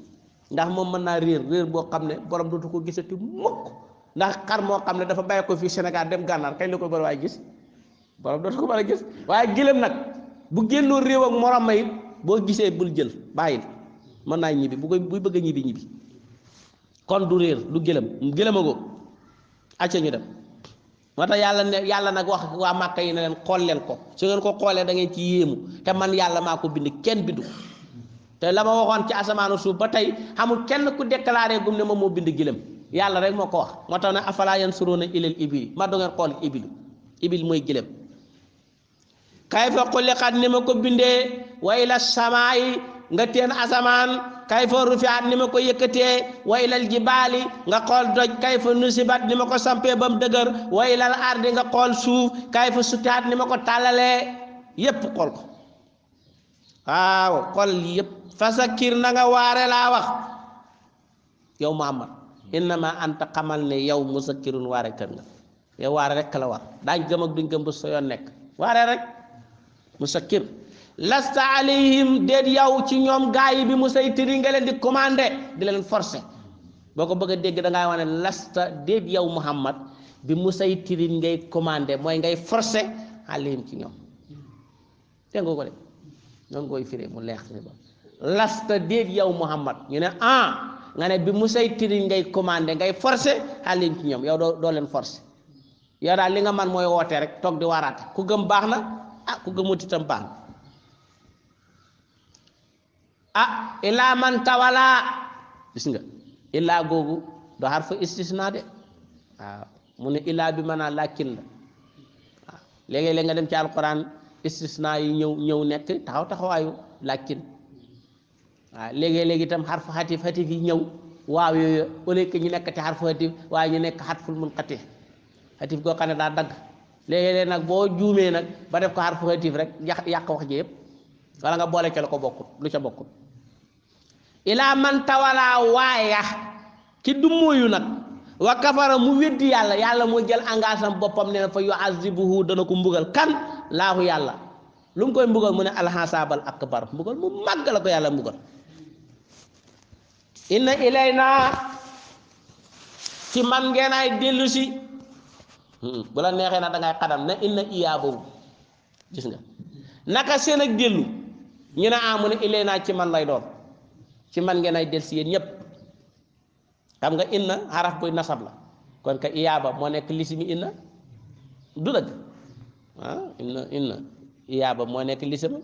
ndax moom mën naa réer réer boo xam ne borom dootu ko gisati mukk ndax xar moo xam ne dafa bàyyi ko fii Sénégal dem gànnaar kañ la ko bari waaye gis borom dootu ko mën a gis waaye gëléem nag bu génnoo réew ak morom ma boo gisee bul jël bàyyil mën naa ñibbi bu koy buy bëgg a ñibbi ñibbi kon du réer du gëlëm gëlëma ko acca ñu dem moo tax yàlla ne yàlla nag wax waa màkka yi ne leen xool leen ko su ngeen koo xoolee da ngeen ci yéemu te man yàlla maa ko bind kenn bindu te la ma waxoon ci asamaanu suuf ba tey xamul kenn ku déclaré gum ne moom moo bind gilem yàlla rek moo ko wax moo tax ne afalaa yansuruuna ilal ibili ma do ngeen xool ibilu ibil mooy gilem kayfa xuliqat ne ma ko bindee wa ila samaayi nga teen asamaan kayfa rufiat ni ma ko yëkkatee wa ilal jibaali nga xool doj kayfa nusibat ni ma ko sampee ba mu dëgër wa ilal ardi nga xool suuf kayfa sutaat ni ma ko tàllalee yépp xool ko waaw xool yépp fasakir na nga waare laa wax yow Muhammad innama anta xamal ne yow musakkirun waare kër nga yow waare rek la war daañ gëm ak duñ gëm bu yoon nekk waare rek musakkir lasta alayhim déet yow ci ñoom gaay yi bi mu say tiri nga leen di di leen forcé boo ko bëgg a dégg da ngaa wax ne lasta déet yow Muhammad bi mu say tiri ngay commandé mooy ngay forcé alayhim ci ñoom dégg ko de koy firee mu leex ba lasta déet yow Muhammad ñu ne ah nga ne bi mu say tiri ngay commandé ngay forcé alayhim ci ñoom yow doo doo leen force yow daal li nga man mooy wootee rek toog di waaraate ku gëm baax na ah ku gëmut itam baax na ah ilaa man tawalaa bis nga illaa googu do harfu istisna de waaw ah, mu ne ilaa bi mën a laakin la waaw ah, léegi nga dem ci alquran istisna yi ñëw ñëw nekk taxawaayu laakin waaw ah, léegi-léegi itam harfu xatif xatif yi ñëw waaw yooyu au lieu ñu nekk ci harfu xatif waaye ñu nekk xatful munqati xatif goo xam ne daa dagg léegi-léeg nag boo juumee nag ba def ko harfu xatif rek yàq wax ji yëpp wala nga boole ca la ko bokkut lu ca bokkut ilaa man tawalaa waaya ki du nag wa kafara mu weddi yàlla yàlla moo jël engagement boppam ne fa yuazibuhu dana ko mbugal kan laahu yàlla lu mu koy mbugal mu ne alxasaabal akbar mbugal mu màgg ko yàlla mbugal inna ilayna ci man ngeenaay dellu hmm, bu la neexee nag da ngay na ne boobu gis nga naka seen ak dellu ñu amu ah, ne ilayna ci man lay doon ci man ngeen ay del si yéen ñépp xam nga inna xaraf buy nasab la kon ka iyaaba moo nekk lisimi inna du ah, moo nekk lisima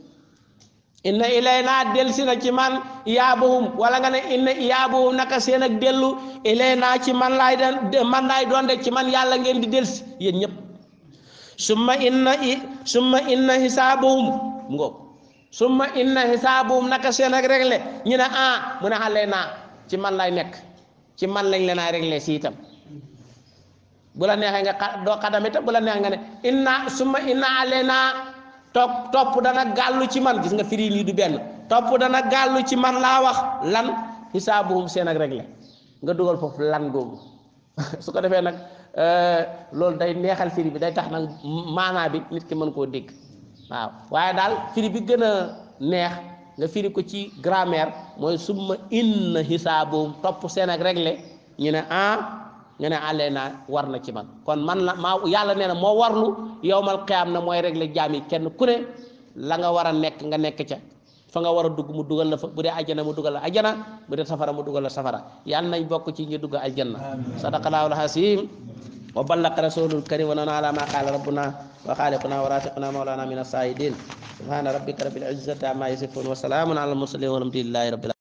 inna ilay naa del si na ci man iyaabahum wala nga ne inna iyaabahum naka seen ak dellu ilay naa ci man lay doon man laay doon de ci man yàlla ngeen di del si yéen ñépp summa inna i summa inna xisaabahum mu ngoog summa inna xisaabum naka seen ak réglé ñu ne ah mu ne xale naa ci man lay nekk ci man lañ leen a réglé si itam bu la neexee nga doo bu la neexee nga ne inna summa inna xale naa topp topp dana gàllu ci man gis nga firi lii du benn topp dana gàllu ci man laa wax lan xisaabuhum seen ak réglé nga dugal foofu lan googu su ko defee nag euh, loolu day neexal firi bi day tax nag maanaa bi nit ki mën koo dégg. waaw waaye daal firi bi gën a neex nga firi ko ci grammaire mooy summa inna xisaaboom topp seen ak réglé ñu ne ah nga ne àllee naa war na ci man kon man la ma yàlla nee na moo warlu yowmal qiyaam na mooy réglé jaam yi kenn ku ne la nga war a nekk nga nekk ca fa nga war a dugg mu dugal la fa bu dee ajjana mu dugal la ajjana bu dee safara mu dugal la safara yàlla nañ bokk ci ñu dugg aljanna sadaqallaahu al-asiim wa ballaqa rasulul karim wa nana ala ma qala rabbuna wa khaliquna wa raziquna maulana min as-sa'idin subhana rabbika rabbil izzati amma yasifun wa salamun ala al mursalin walhamdulillahi rabbil